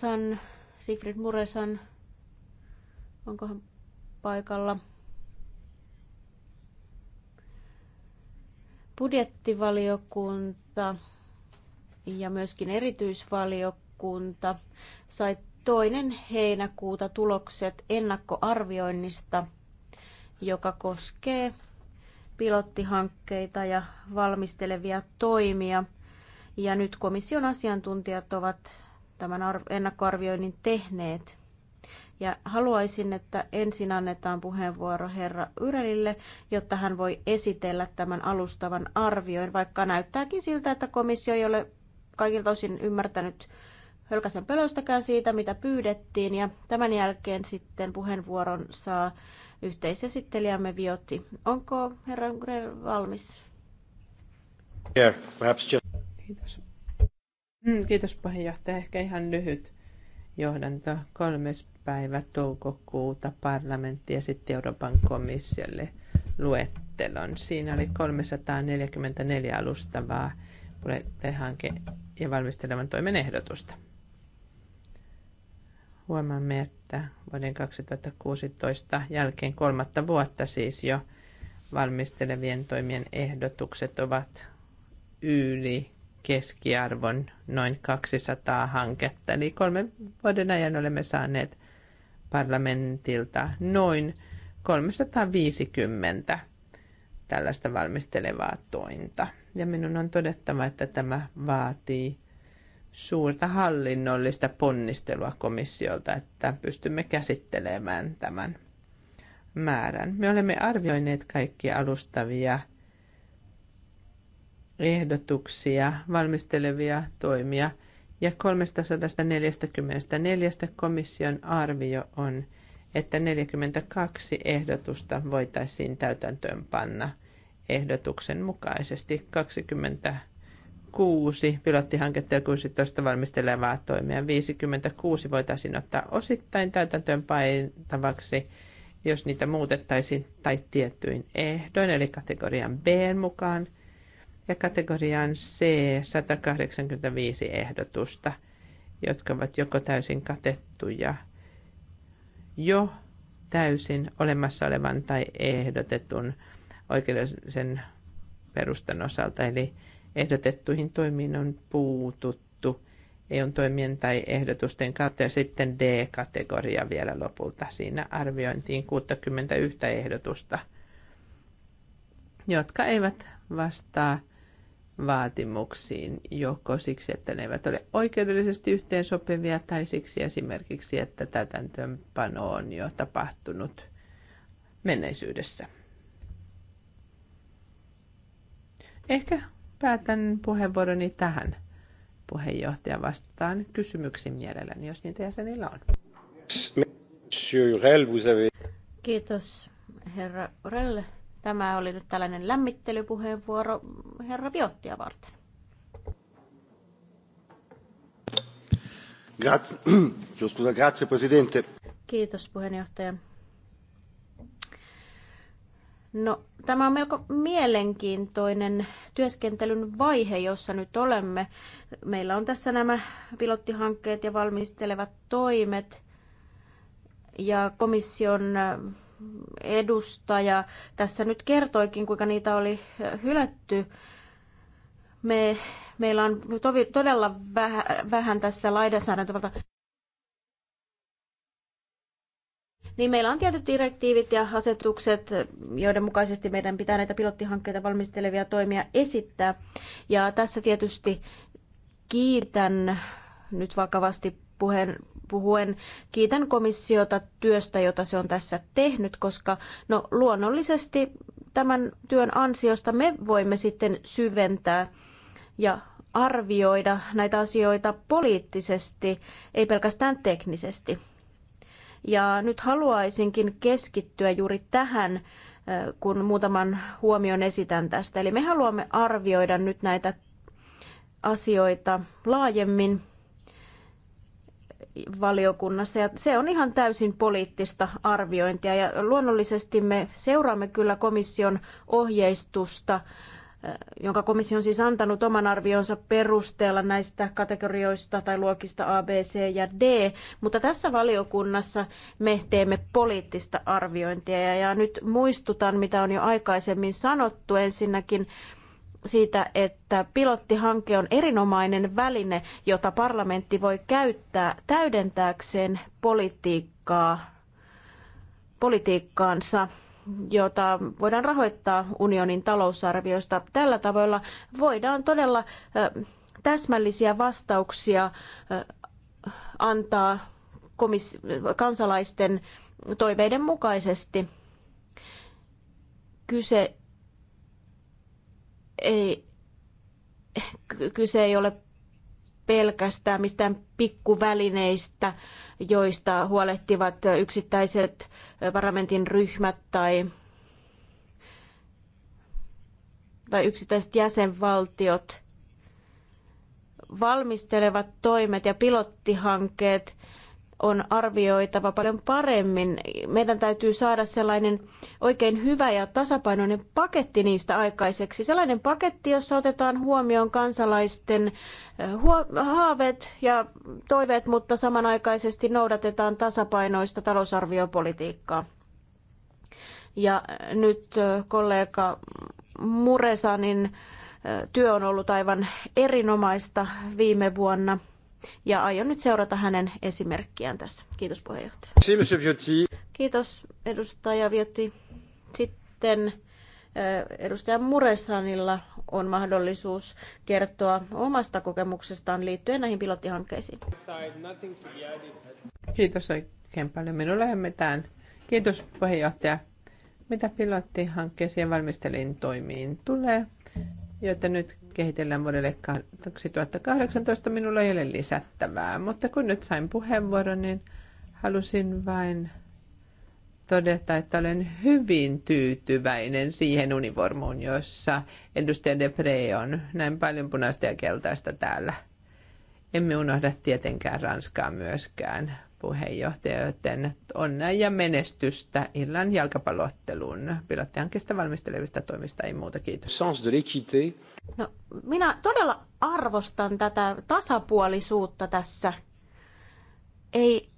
Muresan, Sigrid Muresan, onkohan paikalla? Budjettivaliokunta ja myöskin erityisvaliokunta sai toinen heinäkuuta tulokset ennakkoarvioinnista, joka koskee pilottihankkeita ja valmistelevia toimia. Ja nyt komission asiantuntijat ovat tämän ennakkoarvioinnin tehneet. Ja haluaisin, että ensin annetaan puheenvuoro herra Yrelille, jotta hän voi esitellä tämän alustavan arvioin, vaikka näyttääkin siltä, että komissio ei ole kaikilta osin ymmärtänyt hölkäsen pelöstäkään siitä, mitä pyydettiin. Ja tämän jälkeen sitten puheenvuoron saa yhteisesittelijämme Viotti. Onko herra Yrel valmis? Yeah, perhaps just... Kiitos. Mm, kiitos puheenjohtaja. Ehkä ihan lyhyt johdanto. Kolmes päivä toukokuuta parlamentti esitti Euroopan komissiolle luettelon. Siinä oli 344 alustavaa hanke ja valmistelevan toimen ehdotusta. Huomaamme, että vuoden 2016 jälkeen kolmatta vuotta siis jo valmistelevien toimien ehdotukset ovat yli keskiarvon noin 200 hanketta. Eli kolmen vuoden ajan olemme saaneet parlamentilta noin 350 tällaista valmistelevaa tointa. Ja minun on todettava, että tämä vaatii suurta hallinnollista ponnistelua komissiolta, että pystymme käsittelemään tämän määrän. Me olemme arvioineet kaikkia alustavia ehdotuksia, valmistelevia toimia ja 344 komission arvio on, että 42 ehdotusta voitaisiin täytäntöönpanna ehdotuksen mukaisesti 26 pilottihanketta ja 16 valmistelevaa toimia. 56 voitaisiin ottaa osittain täytäntöön jos niitä muutettaisiin tai tiettyin ehdoin, eli kategorian B mukaan – ja kategoriaan C 185 ehdotusta, jotka ovat joko täysin katettuja jo täysin olemassa olevan tai ehdotetun oikeudellisen perustan osalta. Eli ehdotettuihin toimiin on puututtu EUn toimien tai ehdotusten kautta ja sitten D-kategoria vielä lopulta. Siinä arviointiin 61 ehdotusta, jotka eivät vastaa vaatimuksiin, joko siksi, että ne eivät ole oikeudellisesti yhteensopivia tai siksi esimerkiksi, että täytäntöönpano on jo tapahtunut menneisyydessä. Ehkä päätän puheenvuoroni tähän puheenjohtaja vastaan kysymyksiin mielelläni, jos niitä jäsenillä on. Kiitos, herra Orelle Tämä oli nyt tällainen lämmittelypuheenvuoro herra Viottia varten. Grazie, scusa, grazie presidente. Kiitos puheenjohtaja. No, tämä on melko mielenkiintoinen työskentelyn vaihe, jossa nyt olemme. Meillä on tässä nämä pilottihankkeet ja valmistelevat toimet ja komission edustaja tässä nyt kertoikin, kuinka niitä oli hylätty. Me, meillä on tovi, todella vähän, vähän tässä lainsäädäntövalta. Niin meillä on tietyt direktiivit ja asetukset, joiden mukaisesti meidän pitää näitä pilottihankkeita valmistelevia toimia esittää. Ja tässä tietysti kiitän nyt vakavasti puheen puhuen kiitän komissiota työstä, jota se on tässä tehnyt, koska no, luonnollisesti tämän työn ansiosta me voimme sitten syventää ja arvioida näitä asioita poliittisesti, ei pelkästään teknisesti. Ja nyt haluaisinkin keskittyä juuri tähän, kun muutaman huomion esitän tästä. Eli me haluamme arvioida nyt näitä asioita laajemmin valiokunnassa ja se on ihan täysin poliittista arviointia ja luonnollisesti me seuraamme kyllä komission ohjeistusta, äh, jonka komissio on siis antanut oman arvionsa perusteella näistä kategorioista tai luokista A, B, C ja D, mutta tässä valiokunnassa me teemme poliittista arviointia ja nyt muistutan, mitä on jo aikaisemmin sanottu ensinnäkin, siitä, että pilottihanke on erinomainen väline, jota parlamentti voi käyttää täydentääkseen politiikkaa, politiikkaansa, jota voidaan rahoittaa unionin talousarviosta. Tällä tavalla voidaan todella täsmällisiä vastauksia antaa kansalaisten toiveiden mukaisesti. Kyse ei, kyse ei ole pelkästään mistään pikkuvälineistä, joista huolehtivat yksittäiset parlamentin ryhmät tai, tai yksittäiset jäsenvaltiot. Valmistelevat toimet ja pilottihankkeet on arvioitava paljon paremmin. Meidän täytyy saada sellainen oikein hyvä ja tasapainoinen paketti niistä aikaiseksi. Sellainen paketti, jossa otetaan huomioon kansalaisten eh, haaveet ja toiveet, mutta samanaikaisesti noudatetaan tasapainoista talousarviopolitiikkaa. Ja eh, nyt eh, kollega Muresanin työ on ollut aivan erinomaista viime vuonna – ja aion nyt seurata hänen esimerkkiään tässä. Kiitos puheenjohtaja. Kiitos edustaja Viotti. Sitten eh, edustaja Muresanilla on mahdollisuus kertoa omasta kokemuksestaan liittyen näihin pilottihankkeisiin. Kiitos oikein paljon. Minulla ei mitään. Kiitos puheenjohtaja. Mitä pilottihankkeisiin valmistelin toimiin tulee, joita nyt kehitellään vuodelle 2018. Minulla ei ole lisättävää, mutta kun nyt sain puheenvuoron, niin halusin vain todeta, että olen hyvin tyytyväinen siihen univormuun, jossa edustaja Depre on näin paljon punaista ja keltaista täällä. Emme unohda tietenkään Ranskaa myöskään, puheenjohtaja, joten onnea ja menestystä illan jalkapallootteluun. Pilottihankkeesta valmistelevista toimista ei muuta, kiitos. Sens de l'équité. No, minä todella arvostan tätä tasapuolisuutta tässä. Ei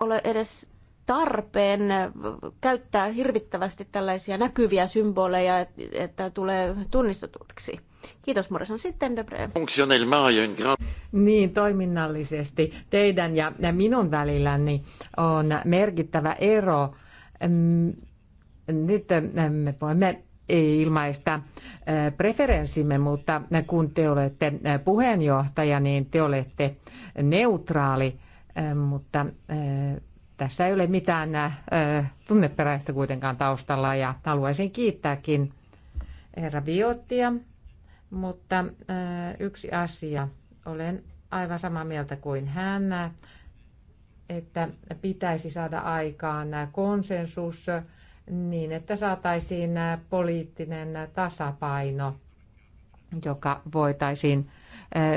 ole edes tarpeen käyttää hirvittävästi tällaisia näkyviä symboleja, että tulee tunnistetuksi. Kiitos Morrison. Sitten Debre. Niin, toiminnallisesti teidän ja minun välilläni on merkittävä ero. Mm, nyt mm, me voimme ilmaista mm, preferenssimme, mutta kun te olette puheenjohtaja, niin te olette neutraali, mutta tässä ei ole mitään tunneperäistä kuitenkaan taustalla ja haluaisin kiittääkin herra Viottia mutta yksi asia, olen aivan samaa mieltä kuin hän, että pitäisi saada aikaan konsensus niin, että saataisiin poliittinen tasapaino, joka voitaisiin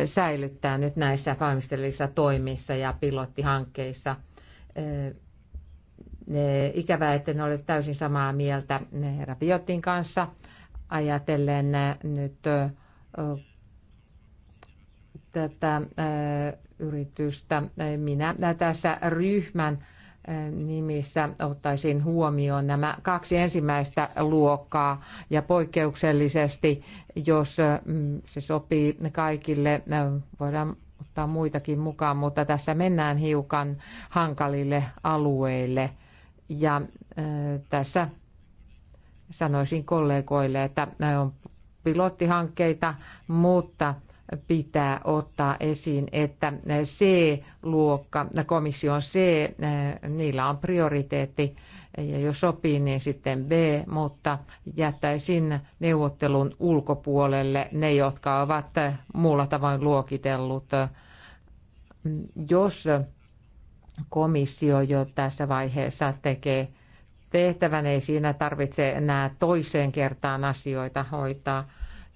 säilyttää nyt näissä valmistelissa toimissa ja pilottihankkeissa. Ikävää, että en ole täysin samaa mieltä herra Biotin kanssa ajatellen nyt tätä yritystä. Minä tässä ryhmän nimissä ottaisin huomioon nämä kaksi ensimmäistä luokkaa ja poikkeuksellisesti, jos mm, se sopii kaikille, voidaan ottaa muitakin mukaan, mutta tässä mennään hiukan hankalille alueille ja tässä sanoisin kollegoille, että on pilottihankkeita, mutta pitää ottaa esiin, että C-luokka, komission C, niillä on prioriteetti ja jos sopii, niin sitten B, mutta jättäisin neuvottelun ulkopuolelle ne, jotka ovat muulla tavoin luokitellut. Jos komissio jo tässä vaiheessa tekee tehtävän, ei siinä tarvitse enää toiseen kertaan asioita hoitaa.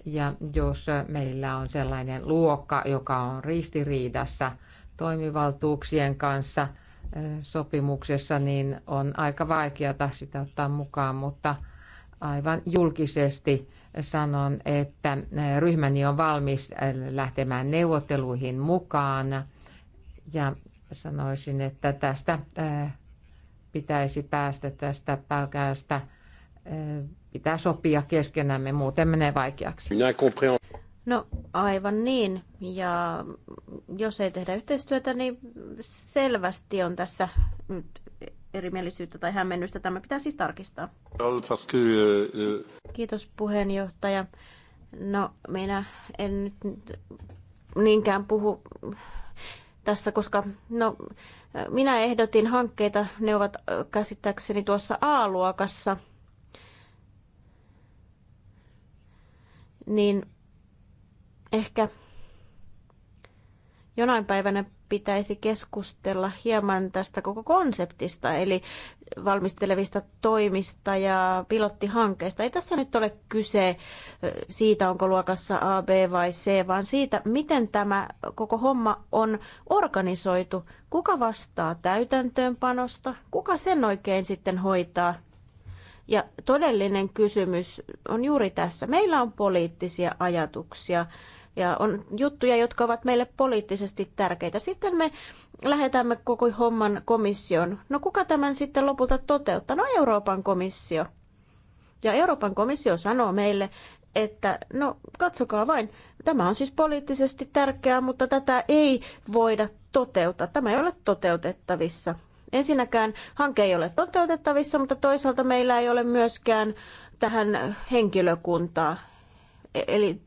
Ja jos meillä on sellainen luokka, joka on ristiriidassa toimivaltuuksien kanssa eh, sopimuksessa, niin on aika vaikeata sitä ottaa mukaan, mutta aivan julkisesti sanon, että eh, ryhmäni on valmis eh, lähtemään neuvotteluihin mukaan ja sanoisin, että tästä pitäisi päästä tästä pälkästä. Pitää sopia keskenämme, muuten menee vaikeaksi. No aivan niin. Ja jos ei tehdä yhteistyötä, niin selvästi on tässä nyt erimielisyyttä tai hämmennystä. Tämä pitää siis tarkistaa. Kiitos puheenjohtaja. No minä en nyt niinkään puhu tässä, koska no, minä ehdotin hankkeita, ne ovat käsittääkseni tuossa A-luokassa, niin ehkä jonain päivänä pitäisi keskustella hieman tästä koko konseptista, eli valmistelevista toimista ja pilottihankkeista. Ei tässä nyt ole kyse siitä, onko luokassa A, B vai C, vaan siitä, miten tämä koko homma on organisoitu. Kuka vastaa täytäntöönpanosta? Kuka sen oikein sitten hoitaa? Ja todellinen kysymys on juuri tässä. Meillä on poliittisia ajatuksia ja on juttuja, jotka ovat meille poliittisesti tärkeitä. Sitten me lähetämme koko homman komission. No kuka tämän sitten lopulta toteuttaa? No Euroopan komissio. Ja Euroopan komissio sanoo meille, että no katsokaa vain, tämä on siis poliittisesti tärkeää, mutta tätä ei voida toteuttaa. Tämä ei ole toteutettavissa. Ensinnäkään hanke ei ole toteutettavissa, mutta toisaalta meillä ei ole myöskään tähän henkilökuntaa. E- eli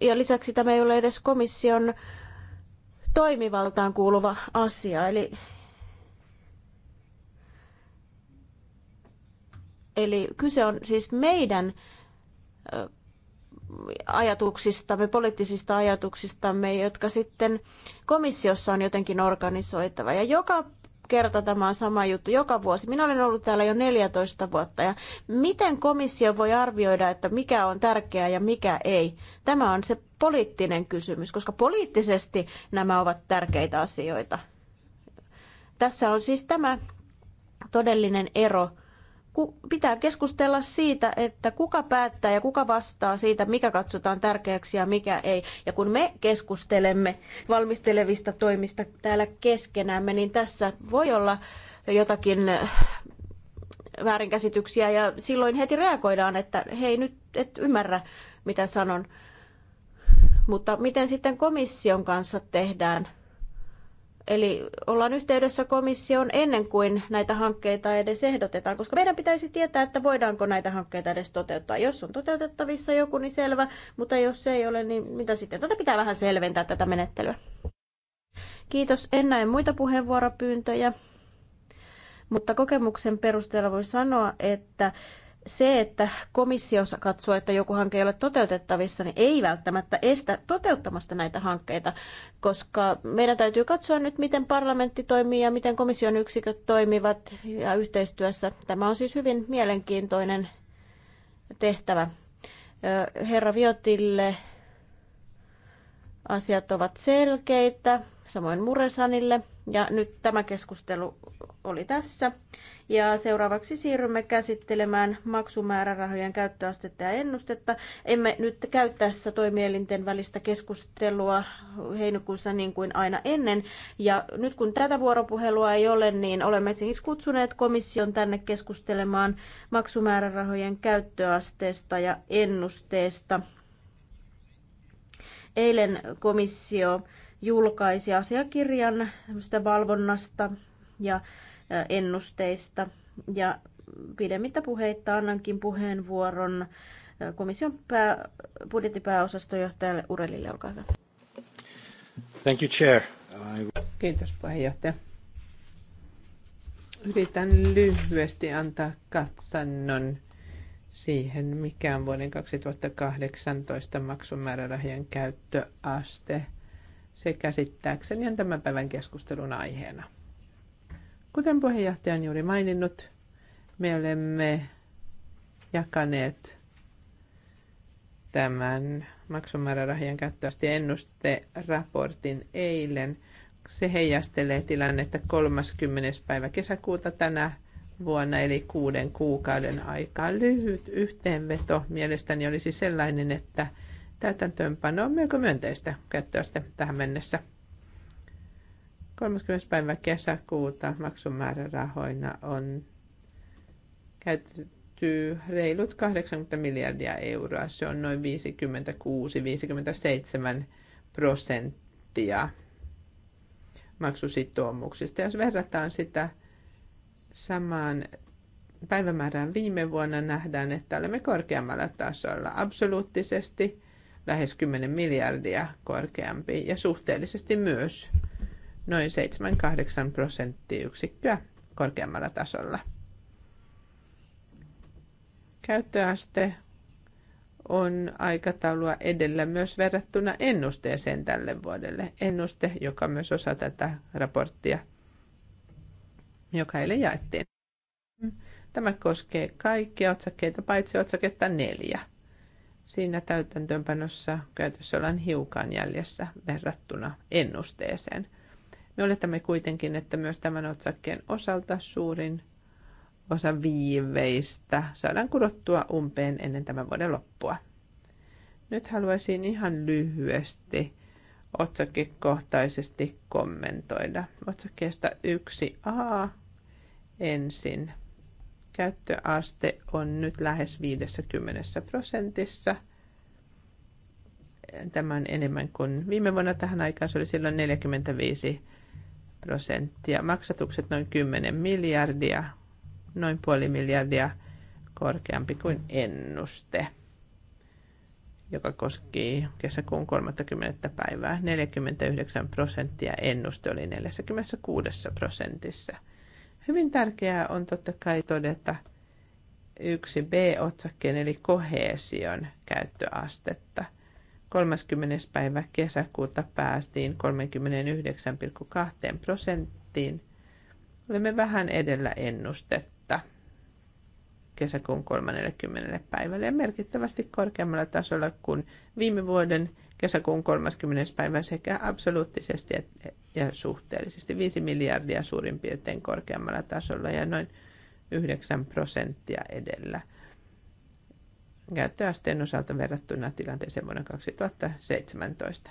ja lisäksi tämä ei ole edes komission toimivaltaan kuuluva asia. Eli, eli kyse on siis meidän ajatuksistamme, poliittisista ajatuksistamme, jotka sitten komissiossa on jotenkin organisoitava. Ja joka kerta tämä on sama juttu joka vuosi. Minä olen ollut täällä jo 14 vuotta ja miten komissio voi arvioida, että mikä on tärkeää ja mikä ei? Tämä on se poliittinen kysymys, koska poliittisesti nämä ovat tärkeitä asioita. Tässä on siis tämä todellinen ero pitää keskustella siitä, että kuka päättää ja kuka vastaa siitä, mikä katsotaan tärkeäksi ja mikä ei. Ja kun me keskustelemme valmistelevista toimista täällä keskenämme, niin tässä voi olla jotakin äh, väärinkäsityksiä ja silloin heti reagoidaan, että hei nyt et ymmärrä mitä sanon. Mutta miten sitten komission kanssa tehdään? Eli ollaan yhteydessä komissioon ennen kuin näitä hankkeita edes ehdotetaan, koska meidän pitäisi tietää, että voidaanko näitä hankkeita edes toteuttaa. Jos on toteutettavissa joku, niin selvä, mutta jos ei ole, niin mitä sitten? Tätä pitää vähän selventää tätä menettelyä. Kiitos. En näe muita puheenvuoropyyntöjä, mutta kokemuksen perusteella voi sanoa, että se, että komissio katsoo, että joku hanke ei ole toteutettavissa, niin ei välttämättä estä toteuttamasta näitä hankkeita, koska meidän täytyy katsoa nyt, miten parlamentti toimii ja miten komission yksiköt toimivat ja yhteistyössä. Tämä on siis hyvin mielenkiintoinen tehtävä. Herra Viotille asiat ovat selkeitä, samoin Muresanille – ja nyt tämä keskustelu oli tässä. Ja seuraavaksi siirrymme käsittelemään maksumäärärahojen käyttöastetta ja ennustetta. Emme nyt käy tässä toimielinten välistä keskustelua heinäkuussa niin kuin aina ennen. Ja nyt kun tätä vuoropuhelua ei ole, niin olemme esimerkiksi kutsuneet komission tänne keskustelemaan maksumäärärahojen käyttöasteesta ja ennusteesta. Eilen komissio julkaisi asiakirjan valvonnasta ja ennusteista. Ja pidemmittä puheitta annankin puheenvuoron komission pää, budjettipääosastojohtajalle Urelille, olkaa hyvä. Thank you, Chair. I... Kiitos puheenjohtaja. Yritän lyhyesti antaa katsannon siihen, mikä on vuoden 2018 maksumäärärahien käyttöaste se käsittääkseni on tämän päivän keskustelun aiheena. Kuten puheenjohtaja on juuri maininnut, me olemme jakaneet tämän maksumäärärahojen käyttöasti ennusteraportin eilen. Se heijastelee tilannetta 30. päivä kesäkuuta tänä vuonna, eli kuuden kuukauden aikaa. Lyhyt yhteenveto mielestäni olisi sellainen, että – täytäntöönpano on melko myönteistä käyttööstä tähän mennessä. 30. päivä kesäkuuta maksumäärärahoina on käytetty reilut 80 miljardia euroa. Se on noin 56-57 prosenttia maksusitoumuksista. Jos verrataan sitä samaan päivämäärään viime vuonna, nähdään, että olemme korkeammalla tasolla absoluuttisesti – lähes 10 miljardia korkeampi ja suhteellisesti myös noin 7-8 prosenttiyksikköä korkeammalla tasolla. Käyttöaste on aikataulua edellä myös verrattuna ennusteeseen tälle vuodelle. Ennuste, joka myös osa tätä raporttia, joka eilen jaettiin. Tämä koskee kaikkia otsakkeita paitsi otsaketta neljä siinä täytäntöönpanossa käytössä ollaan hiukan jäljessä verrattuna ennusteeseen. Me oletamme kuitenkin, että myös tämän otsakkeen osalta suurin osa viiveistä saadaan kurottua umpeen ennen tämän vuoden loppua. Nyt haluaisin ihan lyhyesti otsakekohtaisesti kommentoida. Otsakkeesta 1a ensin. Käyttöaste on nyt lähes 50 prosentissa. Tämä on enemmän kuin viime vuonna tähän aikaan. Se oli silloin 45 prosenttia. Maksatukset noin 10 miljardia, noin puoli miljardia korkeampi kuin ennuste joka koski kesäkuun 30. päivää. 49 prosenttia ennuste oli 46 prosentissa. Hyvin tärkeää on totta kai todeta yksi B-otsakkeen eli kohesion käyttöastetta. 30. päivä kesäkuuta päästiin 39,2 prosenttiin. Olemme vähän edellä ennustetta kesäkuun 30. päivälle ja merkittävästi korkeammalla tasolla kuin viime vuoden kesäkuun 30. päivä sekä absoluuttisesti ja suhteellisesti 5 miljardia suurin piirtein korkeammalla tasolla ja noin 9 prosenttia edellä käyttöasteen osalta verrattuna tilanteeseen vuonna 2017.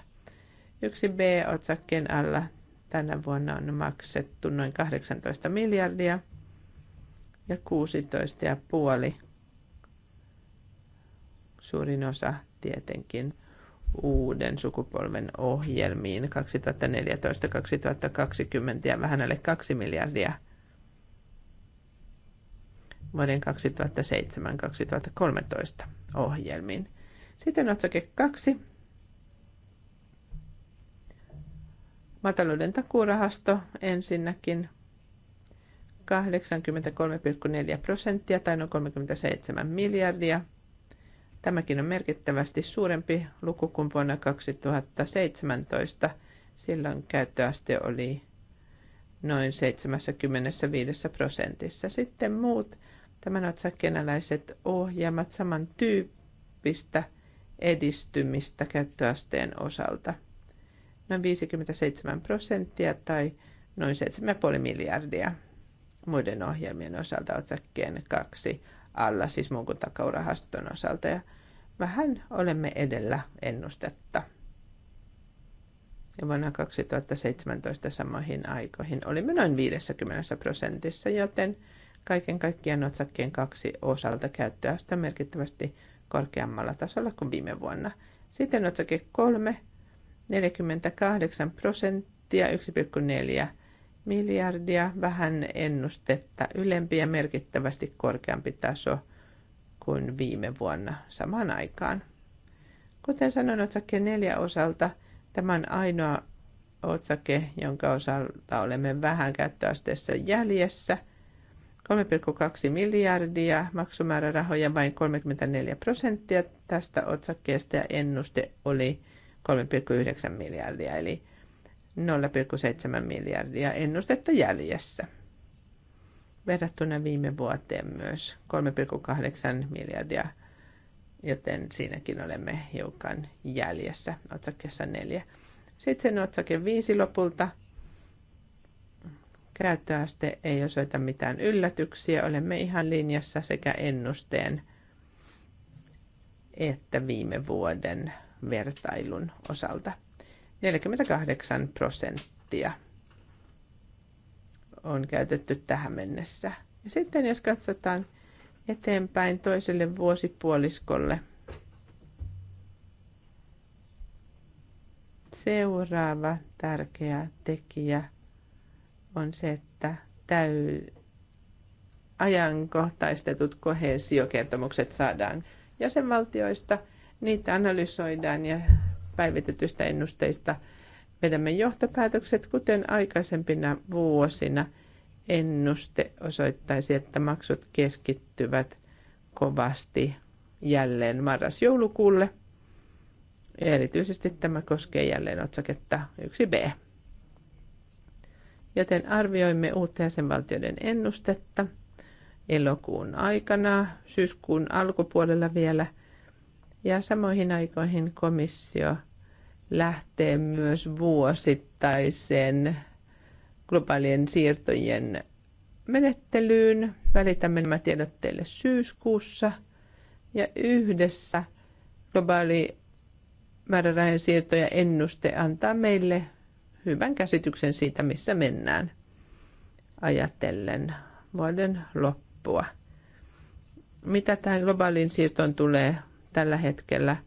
Yksi B-otsakkeen alla tänä vuonna on maksettu noin 18 miljardia ja 16,5 suurin osa tietenkin – uuden sukupolven ohjelmiin 2014-2020 ja vähän alle 2 miljardia vuoden 2007-2013 ohjelmiin. Sitten otsake 2. Matalouden takuurahasto ensinnäkin 83,4 prosenttia tai noin 37 miljardia – Tämäkin on merkittävästi suurempi luku kuin vuonna 2017. Silloin käyttöaste oli noin 75 prosentissa. Sitten muut tämän otsakkeenalaiset ohjelmat samantyyppistä edistymistä käyttöasteen osalta. Noin 57 prosenttia tai noin 7,5 miljardia muiden ohjelmien osalta otsakkeen kaksi alla, siis muun kuin takaurahaston osalta. Ja vähän olemme edellä ennustetta. Ja vuonna 2017 samoihin aikoihin olimme noin 50 prosentissa, joten kaiken kaikkiaan otsakkeen kaksi osalta käyttöaste merkittävästi korkeammalla tasolla kuin viime vuonna. Sitten otsake 3, 48 prosenttia, 1,4 miljardia, vähän ennustetta ylempi ja merkittävästi korkeampi taso – kuin viime vuonna samaan aikaan. Kuten sanoin otsakkeen neljä osalta, tämän ainoa otsake, jonka osalta olemme vähän käyttöasteessa jäljessä. 3,2 miljardia maksumäärärahoja, vain 34 prosenttia tästä otsakkeesta ja ennuste oli 3,9 miljardia, eli 0,7 miljardia ennustetta jäljessä verrattuna viime vuoteen myös 3,8 miljardia, joten siinäkin olemme hiukan jäljessä otsakkeessa 4. Sitten otsake 5 lopulta. Käyttöaste ei osoita mitään yllätyksiä. Olemme ihan linjassa sekä ennusteen että viime vuoden vertailun osalta. 48 prosenttia on käytetty tähän mennessä. Ja sitten jos katsotaan eteenpäin toiselle vuosipuoliskolle, seuraava tärkeä tekijä on se, että täy- ajankohtaistetut kohesiokertomukset saadaan jäsenvaltioista, niitä analysoidaan ja päivitetystä ennusteista – vedämme johtopäätökset, kuten aikaisempina vuosina. Ennuste osoittaisi, että maksut keskittyvät kovasti jälleen marras-joulukuulle. Erityisesti tämä koskee jälleen otsaketta 1b. Joten arvioimme uutta jäsenvaltioiden ennustetta elokuun aikana, syyskuun alkupuolella vielä. Ja samoihin aikoihin komissio – lähtee myös vuosittaisen globaalien siirtojen menettelyyn. Välitämme nämä tiedot teille syyskuussa ja yhdessä globaali määrärahojen siirto ja ennuste antaa meille hyvän käsityksen siitä, missä mennään ajatellen vuoden loppua. Mitä tähän globaaliin siirtoon tulee tällä hetkellä –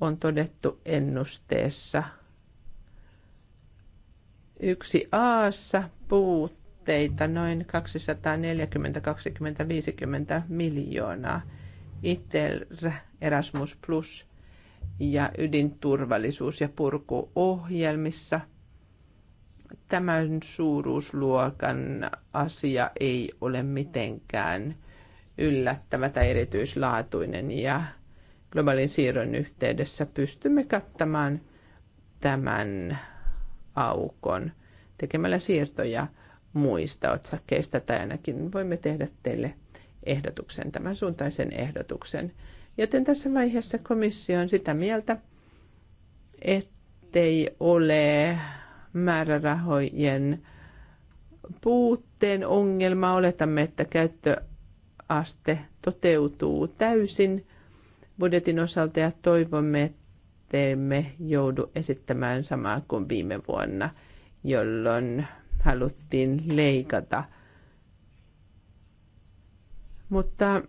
on todettu ennusteessa. Yksi Aassa puutteita noin 240 250 miljoonaa. ITER, Erasmus Plus ja ydinturvallisuus- ja purkuohjelmissa – tämän suuruusluokan asia ei ole mitenkään yllättävä tai erityislaatuinen ja globaalin siirron yhteydessä pystymme kattamaan tämän aukon tekemällä siirtoja muista otsakkeista tai ainakin voimme tehdä teille ehdotuksen, tämän suuntaisen ehdotuksen. Joten tässä vaiheessa komissio on sitä mieltä, ettei ole määrärahojen puutteen ongelma. Oletamme, että käyttöaste toteutuu täysin – budjetin osalta ja toivomme, me joudu esittämään samaa kuin viime vuonna, jolloin haluttiin leikata. Mutta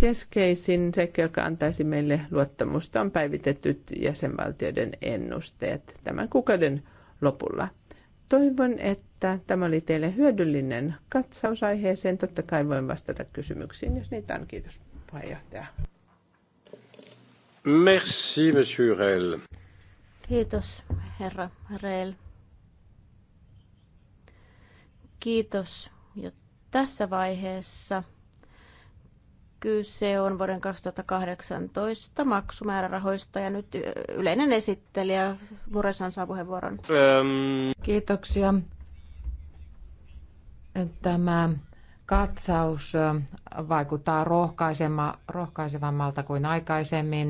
keskeisin sekä joka antaisi meille luottamusta, on päivitetyt jäsenvaltioiden ennusteet tämän kuukauden lopulla. Toivon, että tämä oli teille hyödyllinen katsaus aiheeseen. Totta kai voin vastata kysymyksiin, jos niitä on. Kiitos, puheenjohtaja. Merci, monsieur Kiitos, herra Reil. Kiitos jo tässä vaiheessa. Kyse on vuoden 2018 maksumäärärahoista ja nyt yleinen esittelijä Muresan saa puheenvuoron. Ähm. Kiitoksia. Tämä katsaus vaikuttaa rohkaisevammalta kuin aikaisemmin.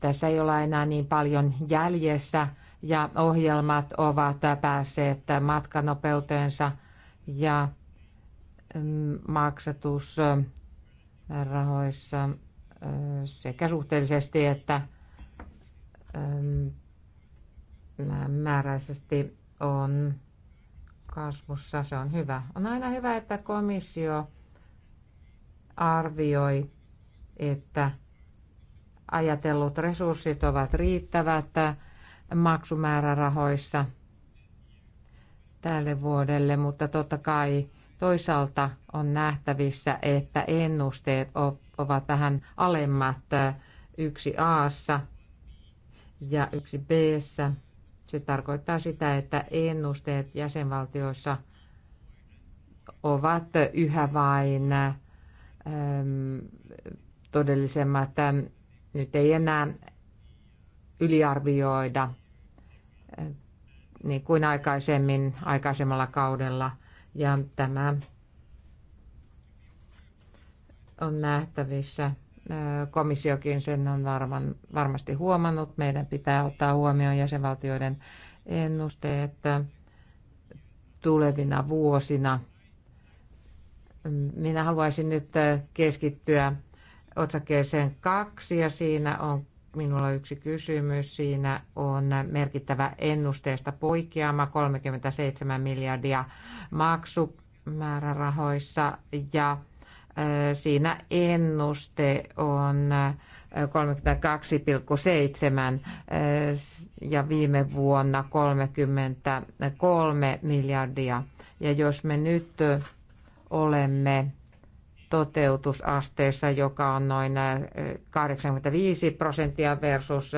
Tässä ei olla enää niin paljon jäljessä ja ohjelmat ovat päässeet matkanopeuteensa ja mm, maksatus rahoissa sekä suhteellisesti että määräisesti on kasvussa. Se on hyvä. On aina hyvä, että komissio arvioi, että ajatellut resurssit ovat riittävät maksumäärärahoissa tälle vuodelle, mutta totta kai toisaalta on nähtävissä, että ennusteet ovat vähän alemmat yksi Aassa ja yksi Bssä se tarkoittaa sitä, että ennusteet jäsenvaltioissa ovat yhä vain ähm, todellisemmat. Nyt ei enää yliarvioida äh, niin kuin aikaisemmin, aikaisemmalla kaudella. Ja tämä on nähtävissä komissiokin sen on varman, varmasti huomannut. Meidän pitää ottaa huomioon jäsenvaltioiden ennusteet tulevina vuosina. Minä haluaisin nyt keskittyä otsakkeeseen kaksi ja siinä on minulla yksi kysymys. Siinä on merkittävä ennusteesta poikkeama 37 miljardia maksumäärärahoissa ja Siinä ennuste on 32,7 ja viime vuonna 33 miljardia. Ja jos me nyt olemme toteutusasteessa, joka on noin 85 prosenttia versus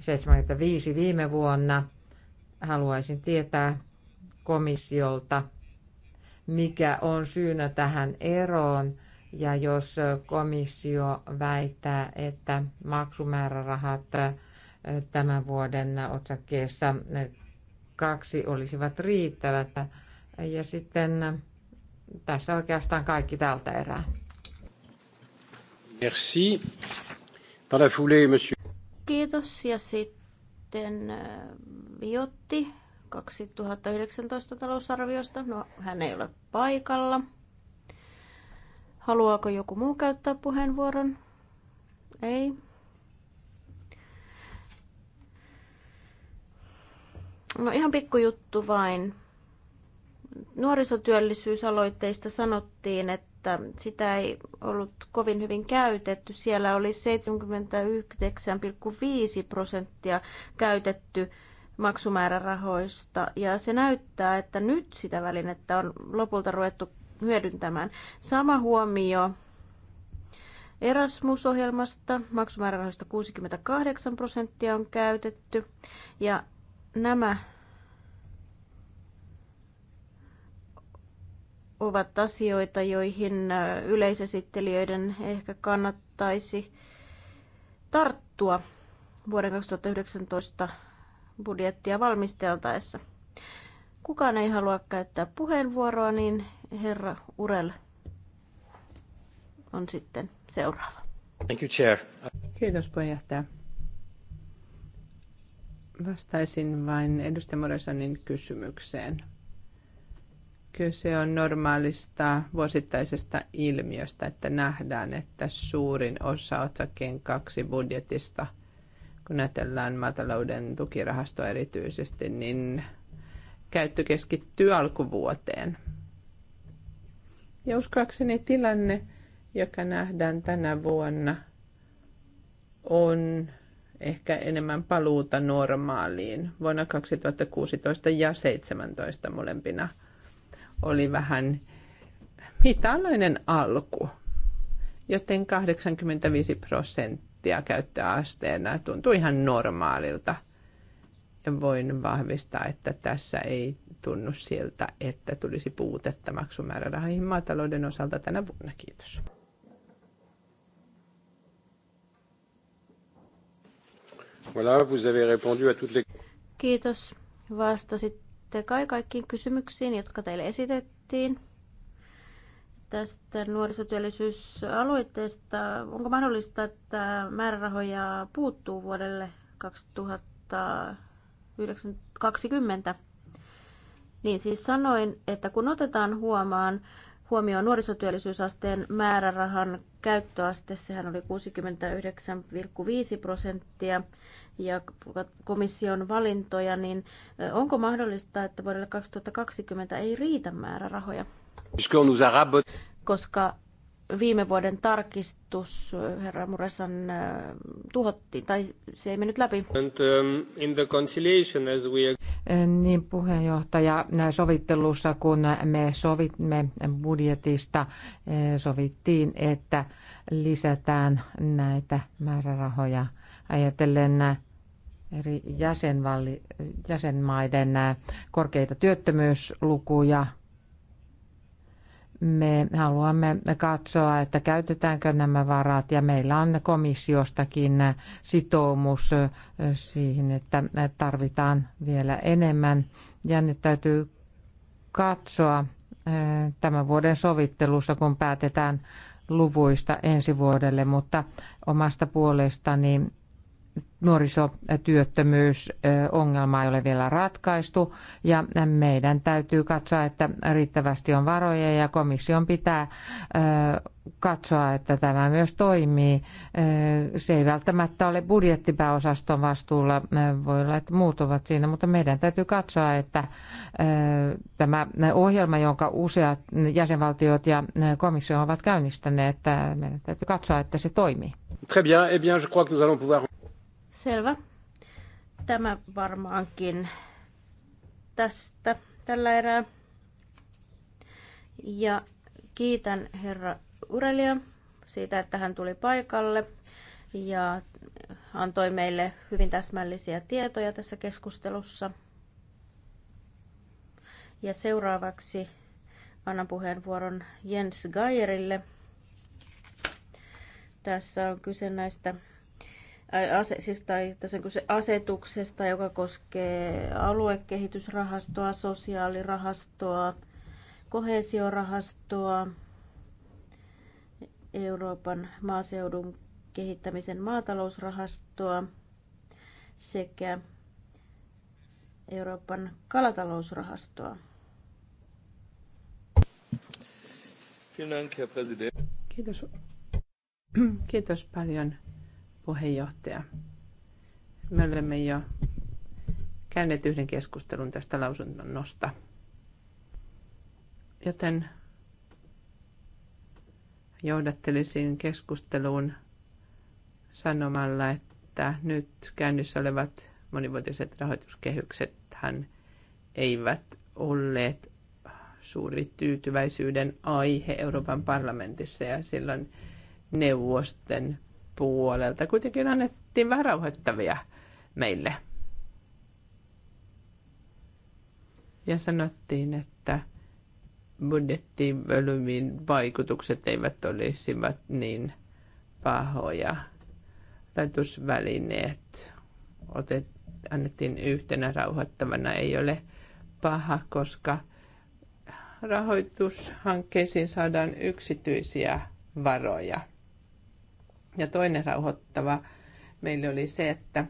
75 viime vuonna, haluaisin tietää komissiolta, mikä on syynä tähän eroon ja jos komissio väittää, että maksumäärärahat tämän vuoden otsakkeessa kaksi olisivat riittävät. Ja sitten tässä oikeastaan kaikki tältä erää. Merci. Dans la foulée, monsieur. Kiitos. Ja sitten Viotti 2019 talousarviosta. No, hän ei ole paikalla. Haluaako joku muu käyttää puheenvuoron? Ei. No ihan pikkujuttu vain. Nuorisotyöllisyysaloitteista sanottiin, että sitä ei ollut kovin hyvin käytetty. Siellä oli 79,5 prosenttia käytetty maksumäärärahoista ja se näyttää, että nyt sitä välinettä on lopulta ruvettu hyödyntämään. Sama huomio Erasmus-ohjelmasta. Maksumäärärahoista 68 prosenttia on käytetty. Ja nämä ovat asioita, joihin yleisesittelijöiden ehkä kannattaisi tarttua vuoden 2019 budjettia valmisteltaessa. Kukaan ei halua käyttää puheenvuoroa, niin herra Urel on sitten seuraava. Thank you, Chair. Kiitos puheenjohtaja. Vastaisin vain edustaja Moresanin kysymykseen. Kyse on normaalista vuosittaisesta ilmiöstä, että nähdään, että suurin osa otsakkeen kaksi budjetista, kun ajatellaan maatalouden tukirahastoa erityisesti, niin käyttö keskittyy alkuvuoteen. Ja uskoakseni tilanne, joka nähdään tänä vuonna, on ehkä enemmän paluuta normaaliin. Vuonna 2016 ja 2017 molempina oli vähän hitaalainen alku, joten 85 prosenttia käyttöasteena tuntui ihan normaalilta – voin vahvistaa, että tässä ei tunnu siltä, että tulisi puutetta maksumäärärahoihin maatalouden osalta tänä vuonna. Kiitos. Voilà, vous avez répondu à toutes les... Kiitos. Vastasitte kai kaikkiin kysymyksiin, jotka teille esitettiin. Tästä nuorisotyöllisyysaloitteesta, onko mahdollista, että määrärahoja puuttuu vuodelle 2000? 20. Niin siis sanoin, että kun otetaan huomaan, huomioon nuorisotyöllisyysasteen määrärahan käyttöaste, sehän oli 69,5 prosenttia, ja komission valintoja, niin onko mahdollista, että vuodelle 2020 ei riitä määrärahoja? Koska viime vuoden tarkistus herra Muresan äh, tuhotti tai se ei mennyt läpi. And, um, in the conciliation as we... Äh, niin puheenjohtaja, äh, sovittelussa kun me sovimme budjetista, sovittiin, että lisätään näitä määrärahoja ajatellen eri jäsenmaiden korkeita työttömyyslukuja – me haluamme katsoa, että käytetäänkö nämä varat ja meillä on komissiostakin sitoumus siihen, että tarvitaan vielä enemmän. Ja nyt täytyy katsoa eh, tämän vuoden sovittelussa, kun päätetään luvuista ensi vuodelle, mutta omasta puolestani nuorisotyöttömyysongelma ei ole vielä ratkaistu ja meidän täytyy katsoa, että riittävästi on varoja ja komission pitää katsoa, että tämä myös toimii. Se ei välttämättä ole budjettipääosaston vastuulla, voi olla, että muut ovat siinä, mutta meidän täytyy katsoa, että tämä ohjelma, jonka useat jäsenvaltiot ja komissio ovat käynnistäneet, että meidän täytyy katsoa, että se toimii. Très bien, eh bien, je crois que nous allons pouvoir... Selvä. Tämä varmaankin tästä tällä erää. Ja kiitän herra Urelia siitä, että hän tuli paikalle ja antoi meille hyvin täsmällisiä tietoja tässä keskustelussa. Ja seuraavaksi annan puheenvuoron Jens Geierille. Tässä on kyse näistä ase, siis tai tässä on kyse asetuksesta, joka koskee aluekehitysrahastoa, sosiaalirahastoa, kohesiorahastoa, Euroopan maaseudun kehittämisen maatalousrahastoa sekä Euroopan kalatalousrahastoa. Kiitos. Kiitos paljon puheenjohtaja. Me olemme jo käyneet yhden keskustelun tästä lausunnosta. Joten johdattelisin keskusteluun sanomalla, että nyt käynnissä olevat monivuotiset rahoituskehykset hän eivät olleet suuri tyytyväisyyden aihe Euroopan parlamentissa ja silloin neuvosten puolelta kuitenkin annettiin vähän rauhoittavia meille. Ja sanottiin, että budjettivolyymin vaikutukset eivät olisi niin pahoja. Rajoitusvälineet annettiin yhtenä rauhoittavana, ei ole paha, koska rahoitushankkeisiin saadaan yksityisiä varoja – ja toinen rauhoittava meille oli se, että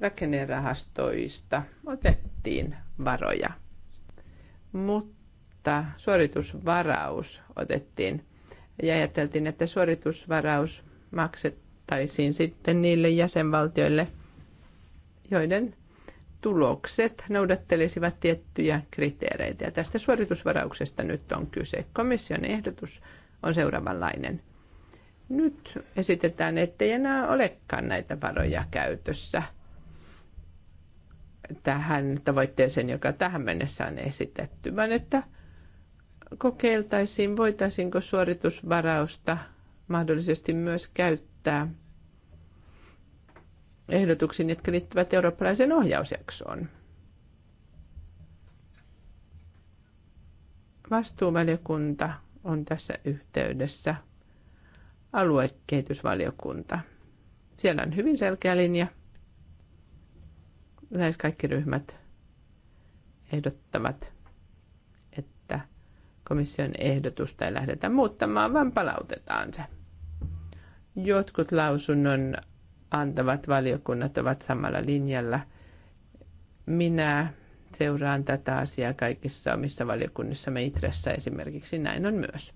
rakennerahastoista otettiin varoja, mutta suoritusvaraus otettiin ja ajateltiin, että suoritusvaraus maksettaisiin sitten niille jäsenvaltioille, joiden tulokset noudattelisivat tiettyjä kriteereitä. Ja tästä suoritusvarauksesta nyt on kyse. Komission ehdotus on seuraavanlainen – nyt esitetään, ettei enää olekaan näitä varoja käytössä tähän tavoitteeseen, joka tähän mennessä on esitetty, vaan että kokeiltaisiin, voitaisiinko suoritusvarausta mahdollisesti myös käyttää ehdotuksiin, jotka liittyvät eurooppalaisen ohjausjaksoon. Vastuuvaliokunta on tässä yhteydessä – aluekehitysvaliokunta. Siellä on hyvin selkeä linja. Lähes kaikki ryhmät ehdottavat, että komission ehdotusta ei lähdetä muuttamaan, vaan palautetaan se. Jotkut lausunnon antavat valiokunnat ovat samalla linjalla. Minä seuraan tätä asiaa kaikissa omissa valiokunnissa, me Itressä esimerkiksi näin on myös.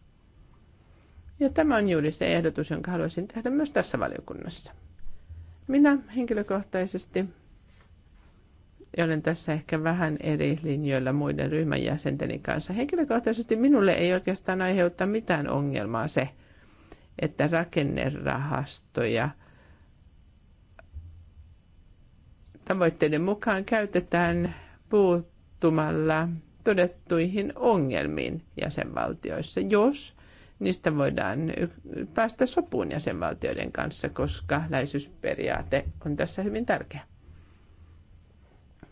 Ja tämä on juuri se ehdotus, jonka haluaisin tehdä myös tässä valiokunnassa. Minä henkilökohtaisesti olen tässä ehkä vähän eri linjoilla muiden ryhmän jäsenteni kanssa. Henkilökohtaisesti minulle ei oikeastaan aiheuta mitään ongelmaa se, että rakennerahastoja tavoitteiden mukaan käytetään puuttumalla todettuihin ongelmiin jäsenvaltioissa, jos niistä voidaan päästä sopuun jäsenvaltioiden kanssa, koska läisyysperiaate on tässä hyvin tärkeä.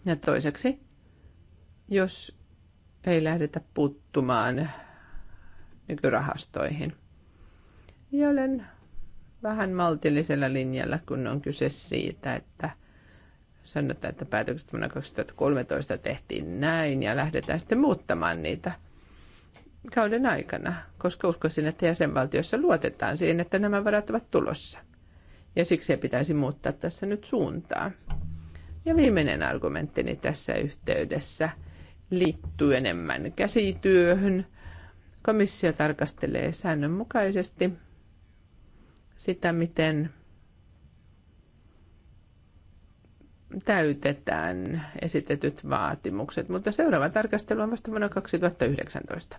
Ja toiseksi, jos ei lähdetä puuttumaan nykyrahastoihin. Ja olen vähän maltillisella linjalla, kun on kyse siitä, että sanotaan, että päätökset vuonna 2013 tehtiin näin ja lähdetään sitten muuttamaan niitä – kauden aikana, koska uskoisin, että jäsenvaltiossa luotetaan siihen, että nämä varat ovat tulossa. Ja siksi pitäisi muuttaa tässä nyt suuntaa. Ja viimeinen argumenttini tässä yhteydessä liittyy enemmän käsityöhön. Komissio tarkastelee säännönmukaisesti sitä, miten täytetään esitetyt vaatimukset, mutta seuraava tarkastelu on vasta vuonna 2019.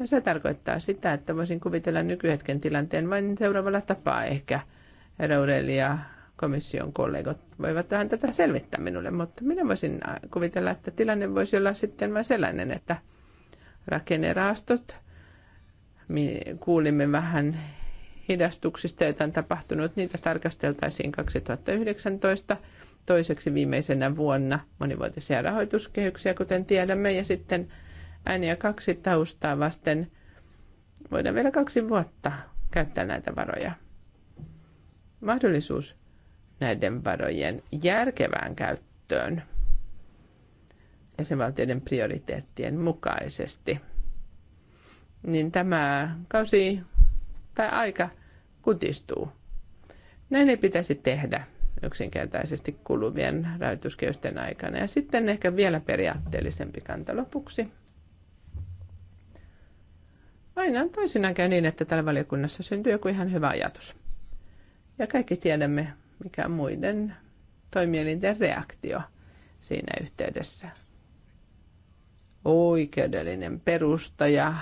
Ja se tarkoittaa sitä, että voisin kuvitella nykyhetken tilanteen vain seuraavalla tapaa ehkä. Raudeli ja komission kollegot voivat vähän tätä selvittää minulle, mutta minä voisin äh, kuvitella, että tilanne voisi olla sitten vain sellainen, että rakennerastot, kuulimme vähän hidastuksista, joita on tapahtunut, niitä tarkasteltaisiin 2019 toiseksi viimeisenä vuonna monivuotisia rahoituskehyksiä, kuten tiedämme, ja sitten ääniä kaksi taustaa vasten. Voidaan vielä kaksi vuotta käyttää näitä varoja. Mahdollisuus näiden varojen järkevään käyttöön jäsenvaltioiden prioriteettien mukaisesti. Niin tämä kausi tai aika kutistuu. Näin ei pitäisi tehdä yksinkertaisesti kuluvien rajoituskeusten aikana. Ja sitten ehkä vielä periaatteellisempi kanta lopuksi. Aina toisinaan käy niin, että täällä valiokunnassa syntyy joku ihan hyvä ajatus. Ja kaikki tiedämme, mikä muiden toimielinten reaktio siinä yhteydessä. Oikeudellinen perusta ja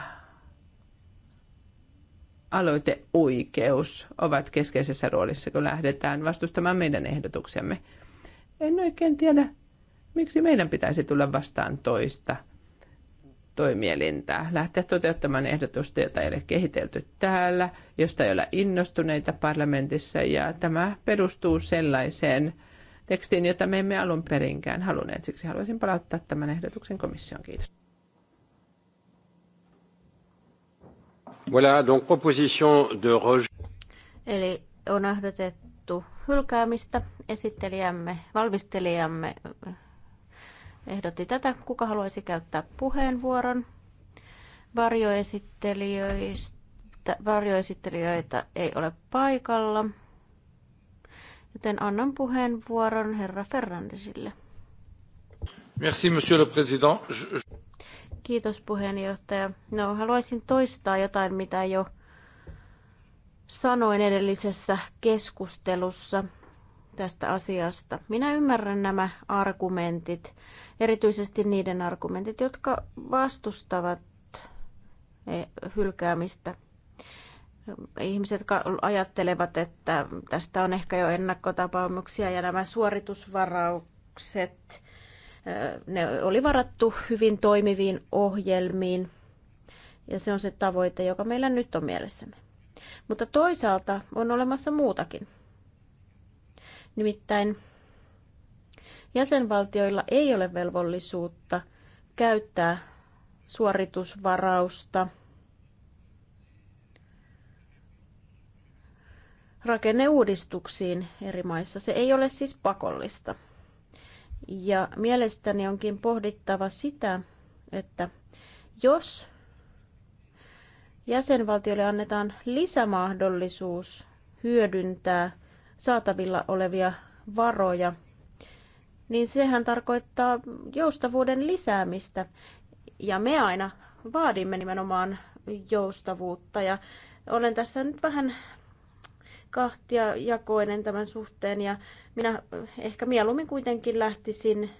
aloiteoikeus ovat keskeisessä roolissa, kun lähdetään vastustamaan meidän ehdotuksemme. En oikein tiedä, miksi meidän pitäisi tulla vastaan toista – toimielintä lähteä toteuttamaan ehdotusta, jota ei ole kehitelty täällä, josta ei ole innostuneita parlamentissa ja tämä perustuu sellaiseen tekstiin, jota me emme alun perinkään halunneet. Siksi haluaisin palauttaa tämän ehdotuksen komission. Kiitos. Voilà, donc proposition de Eli on ehdotettu hylkäämistä. Esittelijämme, valmistelijamme ehdotti tätä. Kuka haluaisi käyttää puheenvuoron? Varjoesittelijöistä, varjoesittelijöitä ei ole paikalla, joten annan puheenvuoron herra Fernandesille. Merci, monsieur le président. Je... Kiitos puheenjohtaja. No, haluaisin toistaa jotain, mitä jo sanoin edellisessä keskustelussa – tästä asiasta. Minä ymmärrän nämä argumentit, erityisesti niiden argumentit, jotka vastustavat eh, hylkäämistä. Ihmiset ajattelevat, että tästä on ehkä jo ennakkotapaamuksia ja nämä suoritusvaraukset, eh, ne oli varattu hyvin toimiviin ohjelmiin ja se on se tavoite, joka meillä nyt on mielessämme. Mutta toisaalta on olemassa muutakin. Nimittäin jäsenvaltioilla ei ole velvollisuutta käyttää suoritusvarausta rakenneuudistuksiin eri maissa. Se ei ole siis pakollista. Ja mielestäni onkin pohdittava sitä, että jos jäsenvaltioille annetaan lisämahdollisuus hyödyntää saatavilla olevia varoja, niin sehän tarkoittaa joustavuuden lisäämistä. Ja me aina vaadimme nimenomaan joustavuutta. Ja olen tässä nyt vähän kahtia jakoinen tämän suhteen ja minä ehkä mieluummin kuitenkin lähtisin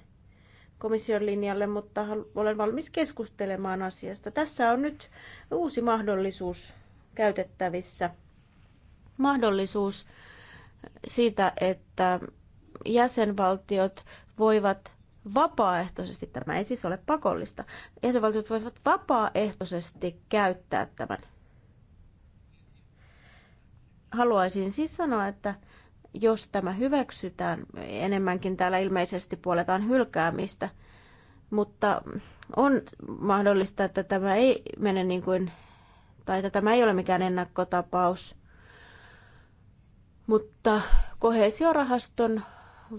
komission linjalle, mutta olen valmis keskustelemaan asiasta. Tässä on nyt uusi mahdollisuus käytettävissä. Mahdollisuus siitä, että jäsenvaltiot voivat vapaaehtoisesti, tämä ei siis ole pakollista, jäsenvaltiot voivat vapaaehtoisesti käyttää tämän. Haluaisin siis sanoa, että jos tämä hyväksytään, enemmänkin täällä ilmeisesti puoletaan hylkäämistä, mutta on mahdollista, että tämä ei mene niin kuin, tai että tämä ei ole mikään ennakkotapaus – mutta kohesiorahaston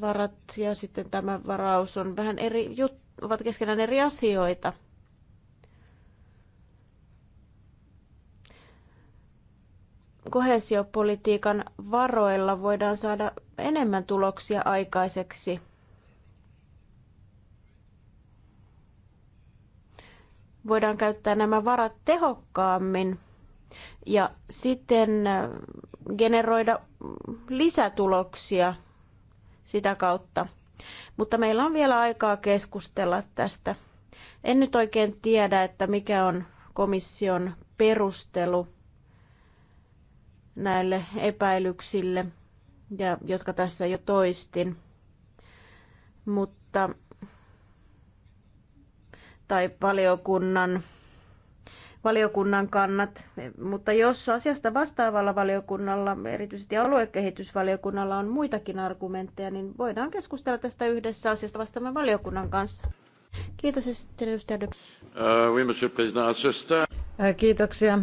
varat ja sitten tämä varaus on vähän eri jut- ovat keskenään eri asioita. Kohesiopolitiikan varoilla voidaan saada enemmän tuloksia aikaiseksi. Voidaan käyttää nämä varat tehokkaammin ja siten generoida lisätuloksia sitä kautta. Mutta meillä on vielä aikaa keskustella tästä. En nyt oikein tiedä, että mikä on komission perustelu näille epäilyksille, ja, jotka tässä jo toistin. Mutta, tai valiokunnan valiokunnan kannat, mutta jos asiasta vastaavalla valiokunnalla, erityisesti aluekehitysvaliokunnalla on muitakin argumentteja, niin voidaan keskustella tästä yhdessä asiasta vastaavan valiokunnan kanssa. Kiitos sitten edustaja uh, Kiitoksia.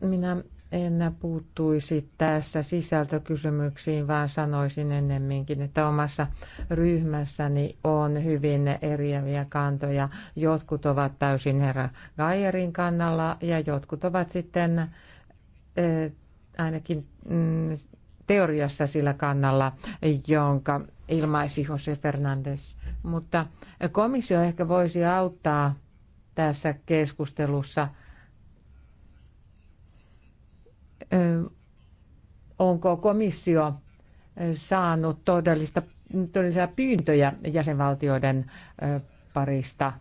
Minä en puuttuisi tässä sisältökysymyksiin, vaan sanoisin ennemminkin, että omassa ryhmässäni on hyvin eriäviä kantoja. Jotkut ovat täysin herra Gaierin kannalla ja jotkut ovat sitten äh, ainakin mm, teoriassa sillä kannalla, jonka ilmaisi Jose Fernandes. Mutta komissio ehkä voisi auttaa tässä keskustelussa – onko komissio saanut todellista, todellisia pyyntöjä jäsenvaltioiden parista.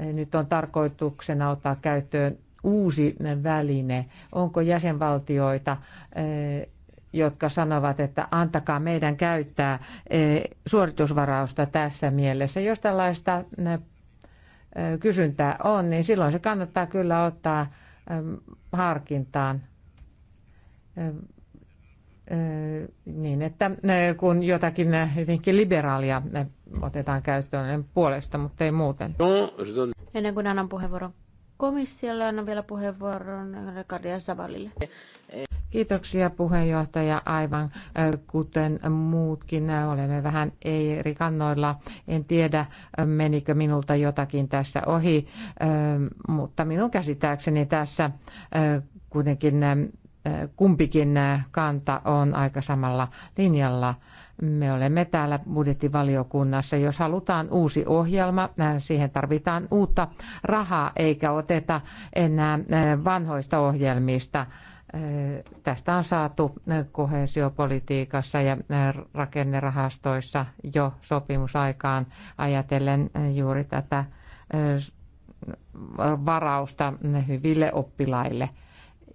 Nyt on tarkoituksena ottaa käyttöön uusi väline. Onko jäsenvaltioita, jotka sanovat, että antakaa meidän käyttää suoritusvarausta tässä mielessä. Jos tällaista kysyntää on, niin silloin se kannattaa kyllä ottaa harkintaan niin, että kun jotakin hyvinkin liberaalia otetaan käyttöön niin puolesta, mutta ei muuten. No, Ennen kuin annan puheenvuoron komissiolle, annan vielä puheenvuoron Rekardia Savalille. Kiitoksia puheenjohtaja. Aivan kuten muutkin, olemme vähän ei rikannoilla. En tiedä, menikö minulta jotakin tässä ohi, mutta minun käsittääkseni tässä kuitenkin kumpikin kanta on aika samalla linjalla. Me olemme täällä budjettivaliokunnassa. Jos halutaan uusi ohjelma, siihen tarvitaan uutta rahaa, eikä oteta enää vanhoista ohjelmista. Tästä on saatu kohesiopolitiikassa ja rakennerahastoissa jo sopimusaikaan ajatellen juuri tätä varausta hyville oppilaille –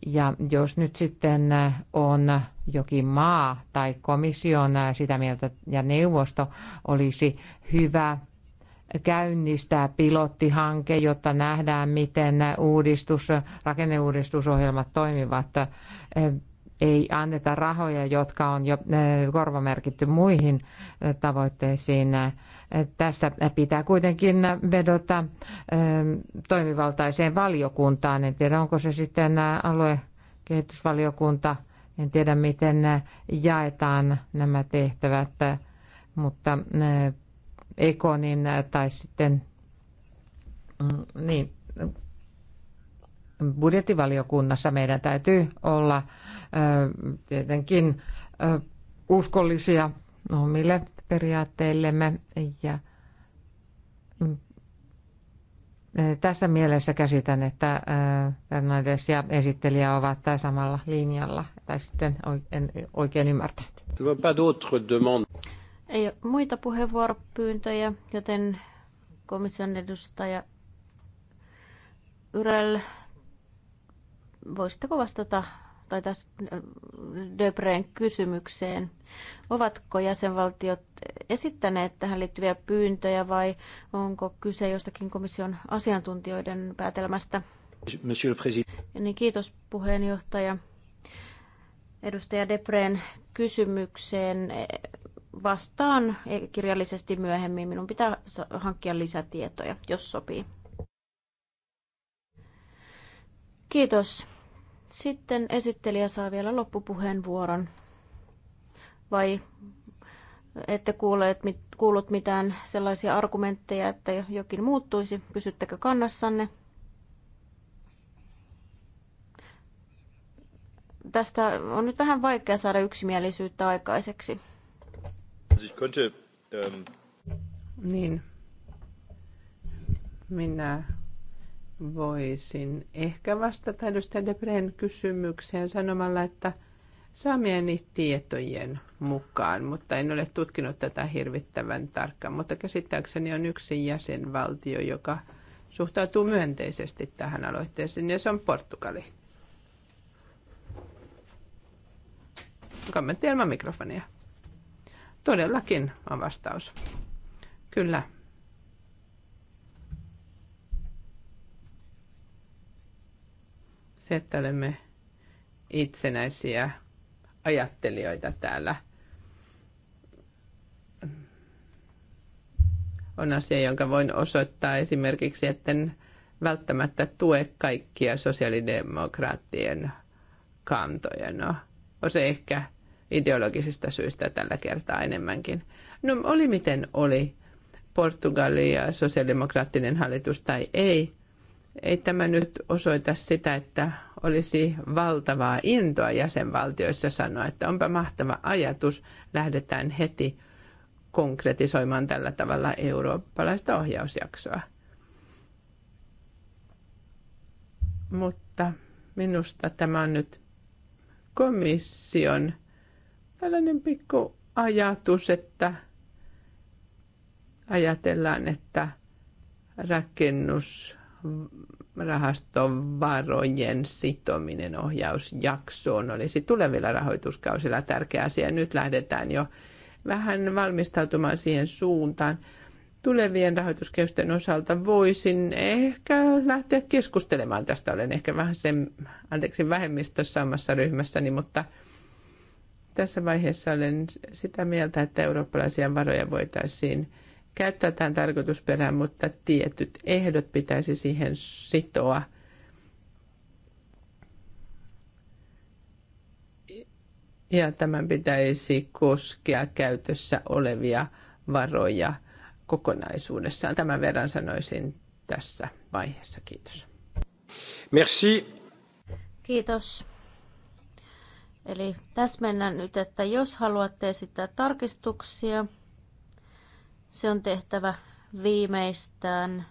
ja jos nyt sitten on jokin maa tai komission sitä mieltä ja neuvosto olisi hyvä käynnistää pilottihanke, jotta nähdään, miten uudistus, rakenneuudistusohjelmat toimivat ei anneta rahoja, jotka on jo eh, korvamerkitty muihin eh, tavoitteisiin. Eh, tässä pitää kuitenkin vedota toimivaltaiseen valiokuntaan. En tiedä, onko se sitten aluekehitysvaliokunta, en tiedä miten jaetaan nämä tehtävät, mutta Ekonin tai sitten mm, niin, budjettivaliokunnassa meidän täytyy olla tietenkin uskollisia omille periaatteillemme ja mm, tässä mielessä käsitän, että Fernandes ja esittelijä ovat samalla linjalla, tai sitten en oikein ymmärtänyt. Ei ole muita puheenvuoropyyntöjä, joten komission edustaja Yrel Voisitteko vastata tai tässä Debreen kysymykseen. Ovatko jäsenvaltiot esittäneet tähän liittyviä pyyntöjä vai onko kyse jostakin komission asiantuntijoiden päätelmästä? Monsieur le Président. Niin, kiitos puheenjohtaja. Edustaja Debreen kysymykseen eh, vastaan kirjallisesti myöhemmin. Minun pitää hankkia lisätietoja, jos sopii. Kiitos. Sitten esittelijä saa vielä loppupuheenvuoron. Vai ette kuulleet, kuullut mitään sellaisia argumentteja, että jokin muuttuisi? Pysyttekö kannassanne? Tästä on nyt vähän vaikea saada yksimielisyyttä aikaiseksi. Ähm, niin. Minä voisin ehkä vastata edustaja Debren kysymykseen sanomalla, että saamieni tietojen mukaan, mutta en ole tutkinut tätä hirvittävän tarkkaan, mutta käsittääkseni on yksi jäsenvaltio, joka suhtautuu myönteisesti tähän aloitteeseen, ja se on Portugali. Kommentti ilman mikrofonia. Todellakin on vastaus. Kyllä, se, että olemme itsenäisiä ajattelijoita täällä on asia, jonka voin osoittaa esimerkiksi, että en välttämättä tue kaikkia sosiaalidemokraattien kantoja. No, on se ehkä ideologisista syistä tällä kertaa enemmänkin. No oli miten oli, Portugalia, sosiaalidemokraattinen hallitus tai ei, ei tämä nyt osoita sitä, että olisi valtavaa intoa jäsenvaltioissa sanoa, että onpa mahtava ajatus, lähdetään heti konkretisoimaan tällä tavalla eurooppalaista ohjausjaksoa. Mutta minusta tämä on nyt komission tällainen pikku ajatus, että ajatellaan, että rakennus rahaston varojen sitominen ohjausjaksoon olisi tulevilla rahoituskausilla tärkeä asia. Nyt lähdetään jo vähän valmistautumaan siihen suuntaan. Tulevien rahoituskeusten osalta voisin ehkä lähteä keskustelemaan tästä. Olen ehkä vähän sen, anteeksi, vähemmistössä samassa ryhmässäni, mutta tässä vaiheessa olen sitä mieltä, että eurooppalaisia varoja voitaisiin – käyttää tämän tarkoitusperään, mutta tietyt ehdot pitäisi siihen sitoa. Ja tämän pitäisi koskea käytössä olevia varoja kokonaisuudessaan. Tämän verran sanoisin tässä vaiheessa. Kiitos. Merci. Kiitos. Eli tässä mennään nyt, että jos haluatte esittää tarkistuksia, se on tehtävä viimeistään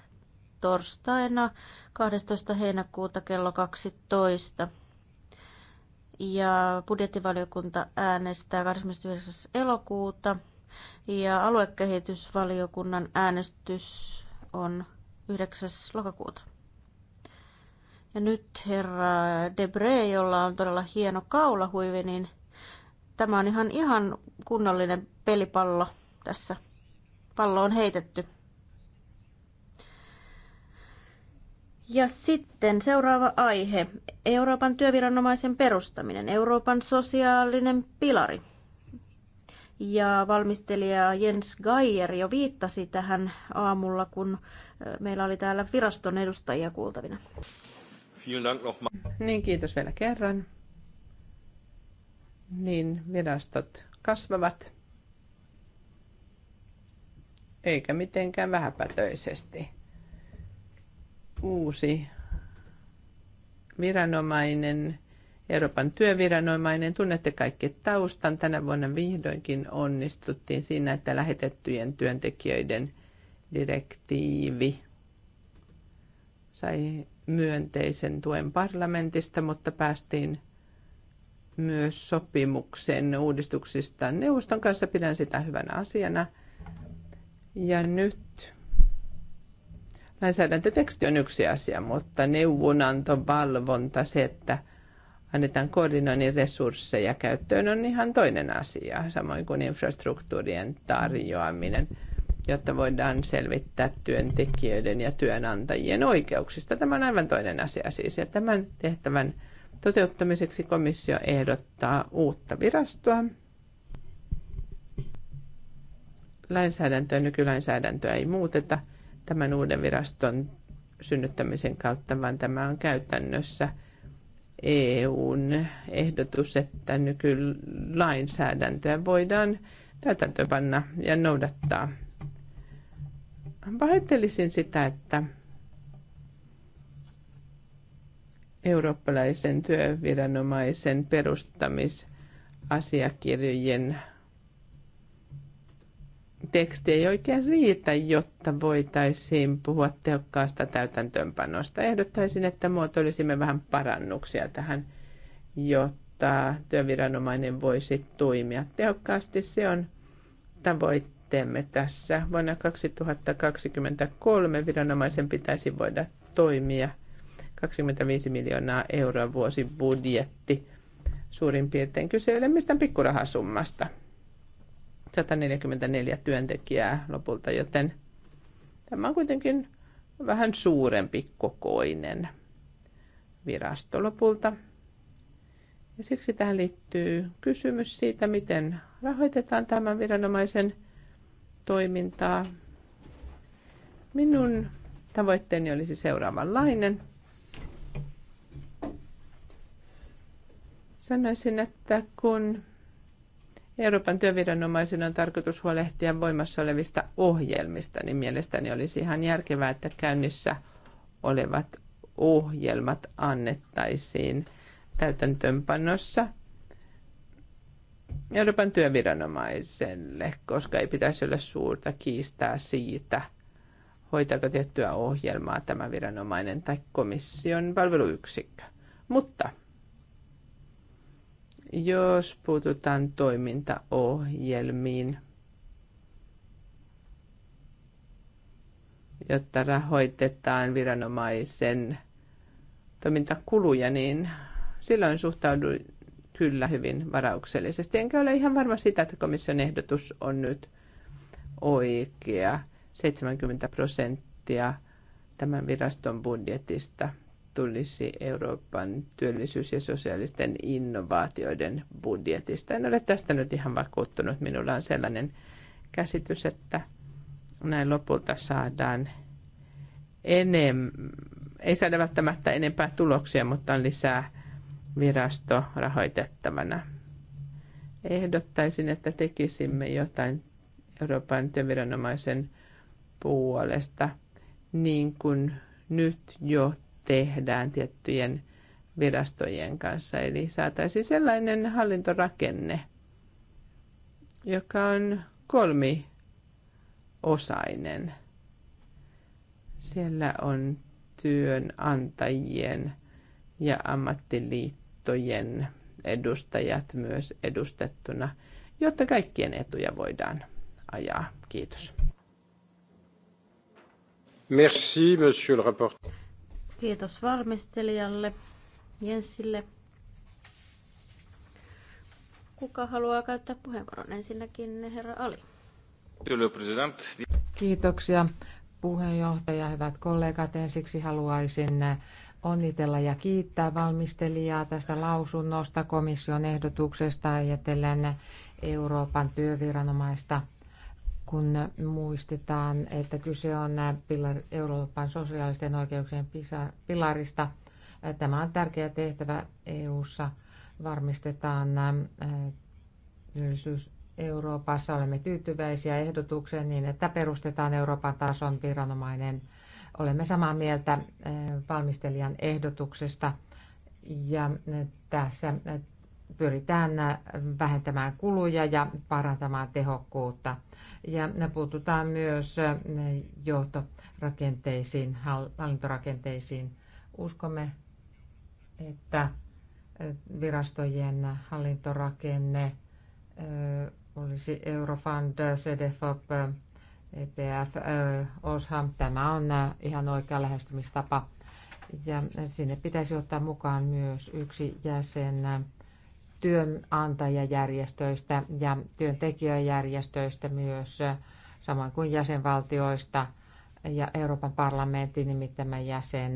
torstaina 12. heinäkuuta kello 12. Ja budjettivaliokunta äänestää 29. elokuuta ja aluekehitysvaliokunnan äänestys on 9. lokakuuta. Ja nyt herra Debre, jolla on todella hieno kaulahuivi, niin tämä on ihan, ihan kunnollinen pelipallo tässä pallo on heitetty. Ja sitten seuraava aihe. Euroopan työviranomaisen perustaminen. Euroopan sosiaalinen pilari. Ja valmistelija Jens Geier jo viittasi tähän aamulla, kun meillä oli täällä viraston edustajia kuultavina. Niin, kiitos vielä kerran. Niin, virastot kasvavat eikä mitenkään vähäpätöisesti. Uusi viranomainen, Euroopan työviranomainen, tunnette kaikki taustan. Tänä vuonna vihdoinkin onnistuttiin siinä, että lähetettyjen työntekijöiden direktiivi sai myönteisen tuen parlamentista, mutta päästiin myös sopimuksen uudistuksista neuvoston kanssa. Pidän sitä hyvänä asiana – ja nyt lainsäädäntöteksti on yksi asia, mutta neuvonanto, valvonta, se, että annetaan koordinoinnin resursseja käyttöön on ihan toinen asia, samoin kuin infrastruktuurien tarjoaminen, jotta voidaan selvittää työntekijöiden ja työnantajien oikeuksista. Tämä on aivan toinen asia siis, ja tämän tehtävän toteuttamiseksi komissio ehdottaa uutta virastoa, lainsäädäntöä, nykylainsäädäntöä ei muuteta tämän uuden viraston synnyttämisen kautta, vaan tämä on käytännössä EUn ehdotus, että nykylainsäädäntöä voidaan täytäntöpanna ja noudattaa. Pahoittelisin sitä, että eurooppalaisen työviranomaisen perustamisasiakirjojen teksti ei oikein riitä, jotta voitaisiin puhua tehokkaasta täytäntöönpanosta. Ehdottaisin, että muotoilisimme vähän parannuksia tähän, jotta työviranomainen voisi toimia tehokkaasti. Se on tavoitteemme tässä. Vuonna 2023 viranomaisen pitäisi voida toimia 25 miljoonaa euroa vuosibudjetti. Suurin piirtein kyselemistä ei pikkurahasummasta – 144 työntekijää lopulta, joten tämä on kuitenkin vähän suurempi kokoinen virasto lopulta. Ja siksi tähän liittyy kysymys siitä, miten rahoitetaan tämän viranomaisen toimintaa. Minun tavoitteeni olisi seuraavanlainen. Sanoisin, että kun Euroopan työviranomaisen on tarkoitus huolehtia voimassa olevista ohjelmista, niin mielestäni olisi ihan järkevää, että käynnissä olevat ohjelmat annettaisiin täytäntöönpanossa Euroopan työviranomaiselle, koska ei pitäisi olla suurta kiistää siitä, hoitaako tiettyä ohjelmaa tämä viranomainen tai komission palveluyksikkö. Mutta jos puututaan toimintaohjelmiin, jotta rahoitetaan viranomaisen toimintakuluja, niin silloin suhtaudun kyllä hyvin varauksellisesti. Enkä ole ihan varma sitä, että komission ehdotus on nyt oikea. 70 prosenttia tämän viraston budjetista tulisi Euroopan työllisyys- ja sosiaalisten innovaatioiden budjetista. En ole tästä nyt ihan vakuuttunut. Minulla on sellainen käsitys, että näin lopulta saadaan enemmän, ei saada välttämättä enempää tuloksia, mutta on lisää virasto rahoitettavana. Ehdottaisin, että tekisimme jotain Euroopan työviranomaisen puolesta, niin kuin nyt jo tehdään tiettyjen virastojen kanssa. Eli saataisiin sellainen hallintorakenne, joka on kolmiosainen. Siellä on työnantajien ja ammattiliittojen edustajat myös edustettuna, jotta kaikkien etuja voidaan ajaa. Kiitos. Merci, monsieur le rapporteur. Kiitos valmistelijalle, Jenssille. Kuka haluaa käyttää puheenvuoron? Ensinnäkin herra Ali. Kiitoksia puheenjohtaja, hyvät kollegat. Ensiksi haluaisin onnitella ja kiittää valmistelijaa tästä lausunnosta komission ehdotuksesta ajatellen Euroopan työviranomaista kun muistetaan, että kyse on Euroopan sosiaalisten oikeuksien pilarista. Tämä on tärkeä tehtävä EU:ssa. Varmistetaan äh, työllisyys Euroopassa. Olemme tyytyväisiä ehdotukseen niin, että perustetaan Euroopan tason viranomainen. Olemme samaa mieltä äh, valmistelijan ehdotuksesta. Ja äh, tässä pyritään äh, vähentämään kuluja ja parantamaan tehokkuutta. Ja puututaan myös äh, johtorakenteisiin, hallintorakenteisiin. Uskomme, että äh, virastojen hallintorakenne olisi Eurofund, CDFOP, ETF, OSHAM. Tämä on ihan oikea lähestymistapa. Ja sinne pitäisi ottaa mukaan myös yksi jäsen työnantajajärjestöistä ja työntekijäjärjestöistä myös, samoin kuin jäsenvaltioista ja Euroopan parlamentin nimittämän jäsen.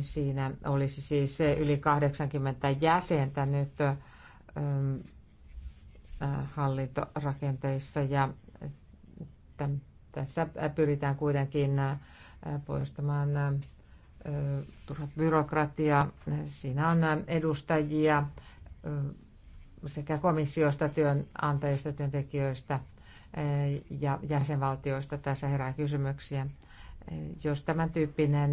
Siinä olisi siis yli 80 jäsentä nyt ähm, äh, hallintorakenteissa ja tässä pyritään kuitenkin äh, poistamaan äh, turhat byrokratiaa. Siinä on edustajia sekä komissiosta, työnantajista, työntekijöistä ja jäsenvaltioista. Tässä herää kysymyksiä. Jos tämän tyyppinen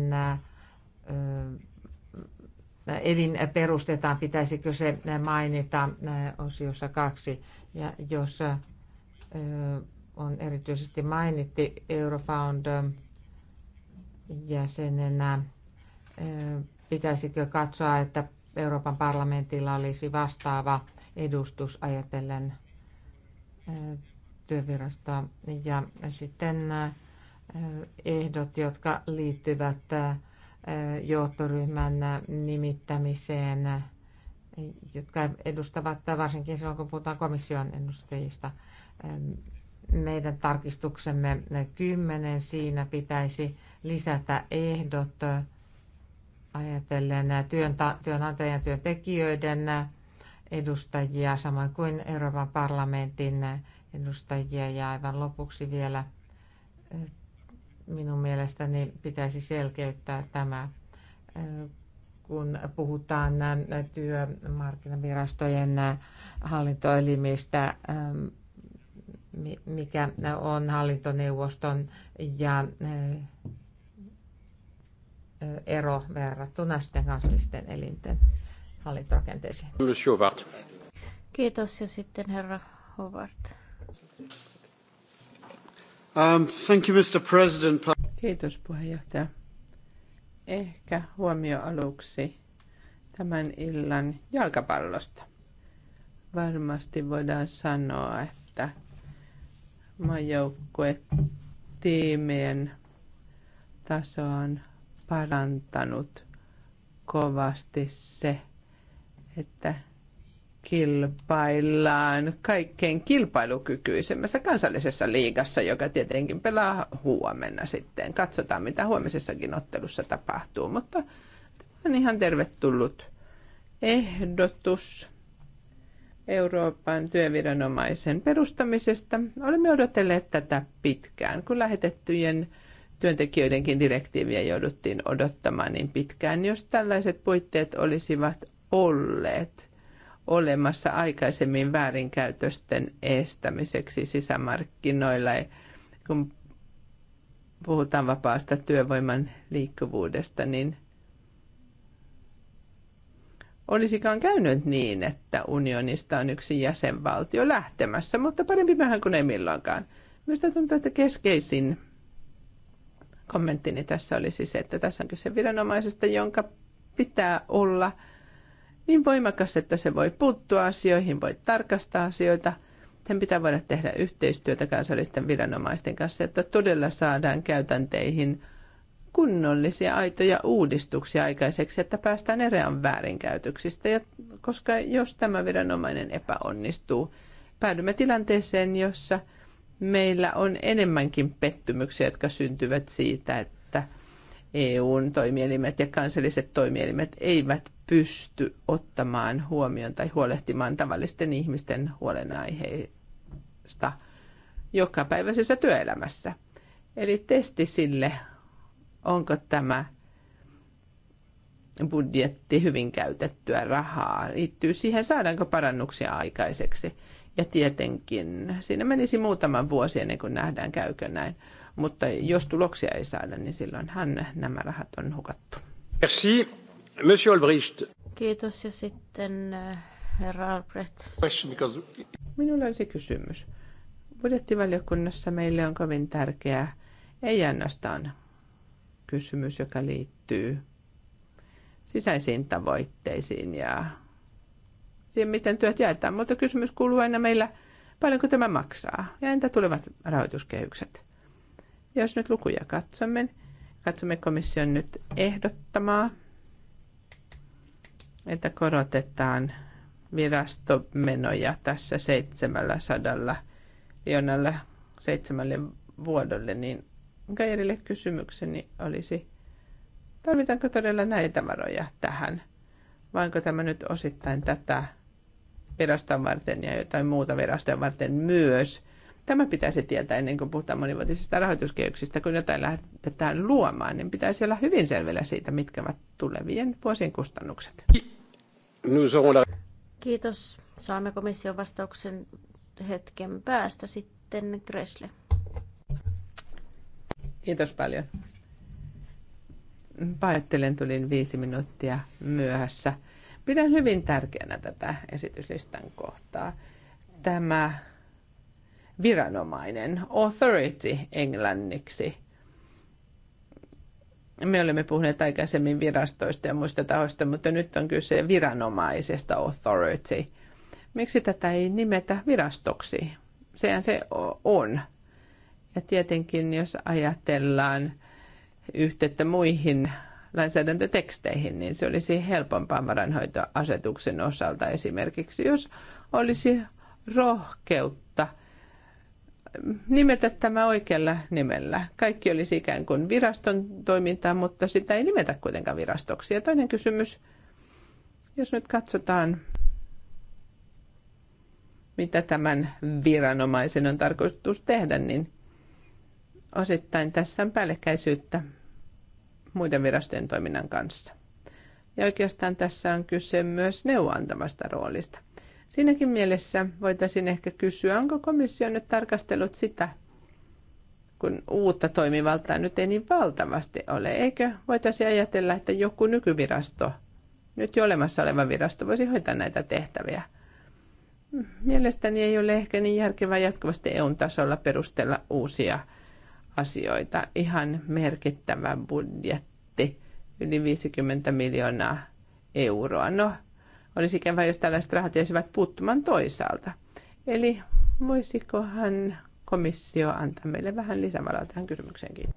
elin perustetaan, pitäisikö se mainita osiossa kaksi. Ja jos on erityisesti mainitti Eurofound jäsenenä, pitäisikö katsoa, että Euroopan parlamentilla olisi vastaava edustus ajatellen työvirastoa. Ja sitten ehdot, jotka liittyvät johtoryhmän nimittämiseen, jotka edustavat varsinkin silloin, kun puhutaan komission edustajista. Meidän tarkistuksemme kymmenen siinä pitäisi lisätä ehdot ajatellen ja työntekijöiden edustajia, samoin kuin Euroopan parlamentin edustajia. Ja aivan lopuksi vielä eh, minun mielestäni pitäisi selkeyttää tämä, eh, kun puhutaan työmarkkinavirastojen hallintoelimistä, eh, mikä on hallintoneuvoston ja ero verrattuna sitten kansallisten elinten hallintorakenteisiin. Kiitos ja sitten herra Howard. Um, thank you, Mr. President. Kiitos puheenjohtaja. Ehkä huomio aluksi tämän illan jalkapallosta. Varmasti voidaan sanoa, että maajoukkuetiimien taso on parantanut kovasti se, että kilpaillaan kaikkein kilpailukykyisemmässä kansallisessa liigassa, joka tietenkin pelaa huomenna sitten. Katsotaan, mitä huomisessakin ottelussa tapahtuu, mutta tämä on ihan tervetullut ehdotus Euroopan työviranomaisen perustamisesta. Olemme odotelleet tätä pitkään, kun lähetettyjen työntekijöidenkin direktiiviä jouduttiin odottamaan niin pitkään. Jos tällaiset puitteet olisivat olleet olemassa aikaisemmin väärinkäytösten estämiseksi sisämarkkinoilla, kun puhutaan vapaasta työvoiman liikkuvuudesta, niin olisikaan käynyt niin, että unionista on yksi jäsenvaltio lähtemässä, mutta parempi vähän kuin ei milloinkaan. Minusta tuntuu, että keskeisin kommenttini tässä oli siis, että tässä on kyse viranomaisesta, jonka pitää olla niin voimakas, että se voi puuttua asioihin, voi tarkastaa asioita. Sen pitää voida tehdä yhteistyötä kansallisten viranomaisten kanssa, että todella saadaan käytänteihin kunnollisia aitoja uudistuksia aikaiseksi, että päästään erään väärinkäytöksistä. Ja koska jos tämä viranomainen epäonnistuu, päädymme tilanteeseen, jossa – meillä on enemmänkin pettymyksiä, jotka syntyvät siitä, että EUn toimielimet ja kansalliset toimielimet eivät pysty ottamaan huomioon tai huolehtimaan tavallisten ihmisten huolenaiheista jokapäiväisessä työelämässä. Eli testi sille, onko tämä budjetti hyvin käytettyä rahaa, liittyy siihen, saadaanko parannuksia aikaiseksi. Ja tietenkin siinä menisi muutama vuosi ennen kuin nähdään käykö näin. Mutta jos tuloksia ei saada, niin silloin hän nämä rahat on hukattu. Merci, Monsieur Albrecht. Kiitos ja sitten äh, herra Albrecht. Minulla on se kysymys. Budjettivaliokunnassa meille on kovin tärkeää, ei ainoastaan kysymys, joka liittyy sisäisiin tavoitteisiin ja siihen, miten työt jaetaan. Mutta kysymys kuuluu aina meillä, paljonko tämä maksaa ja entä tulevat rahoituskehykset? Jos nyt lukuja katsomme, katsomme komission nyt ehdottamaa, että korotetaan virastomenoja tässä 700 miljoonalla seitsemälle vuodolle, niin Kairille kysymykseni olisi, tarvitaanko todella näitä varoja tähän, vai onko tämä nyt osittain tätä verasta varten ja jotain muuta verasta varten myös. Tämä pitäisi tietää ennen kuin puhutaan monivuotisista rahoituskehyksistä. Kun jotain lähdetään luomaan, niin pitäisi olla hyvin selvillä siitä, mitkä ovat tulevien vuosien kustannukset. Kiitos. Saamme komission vastauksen hetken päästä sitten Gresle. Kiitos paljon. Pahoittelen, tulin viisi minuuttia myöhässä. Pidän hyvin tärkeänä tätä esityslistan kohtaa. Tämä viranomainen, authority englanniksi. Me olemme puhuneet aikaisemmin virastoista ja muista tahoista, mutta nyt on kyse viranomaisesta authority. Miksi tätä ei nimetä virastoksi? Sehän se on. Ja tietenkin, jos ajatellaan yhteyttä muihin lainsäädäntöteksteihin, niin se olisi helpompaa varainhoitoasetuksen osalta esimerkiksi, jos olisi rohkeutta nimetä tämä oikealla nimellä. Kaikki olisi ikään kuin viraston toimintaa, mutta sitä ei nimetä kuitenkaan virastoksi. Ja toinen kysymys, jos nyt katsotaan, mitä tämän viranomaisen on tarkoitus tehdä, niin osittain tässä on päällekkäisyyttä muiden virastojen toiminnan kanssa. Ja oikeastaan tässä on kyse myös neuvoantamasta roolista. Siinäkin mielessä voitaisiin ehkä kysyä, onko komissio nyt tarkastellut sitä, kun uutta toimivaltaa nyt ei niin valtavasti ole. Eikö voitaisiin ajatella, että joku nykyvirasto, nyt jo olemassa oleva virasto, voisi hoitaa näitä tehtäviä? Mielestäni ei ole ehkä niin järkevää jatkuvasti EUn tasolla perustella uusia asioita. Ihan merkittävä budjetti, yli 50 miljoonaa euroa. No, olisi ikävä, jos tällaiset rahat jäisivät puuttumaan toisaalta. Eli voisikohan komissio antaa meille vähän lisävaraa tähän kysymykseenkin?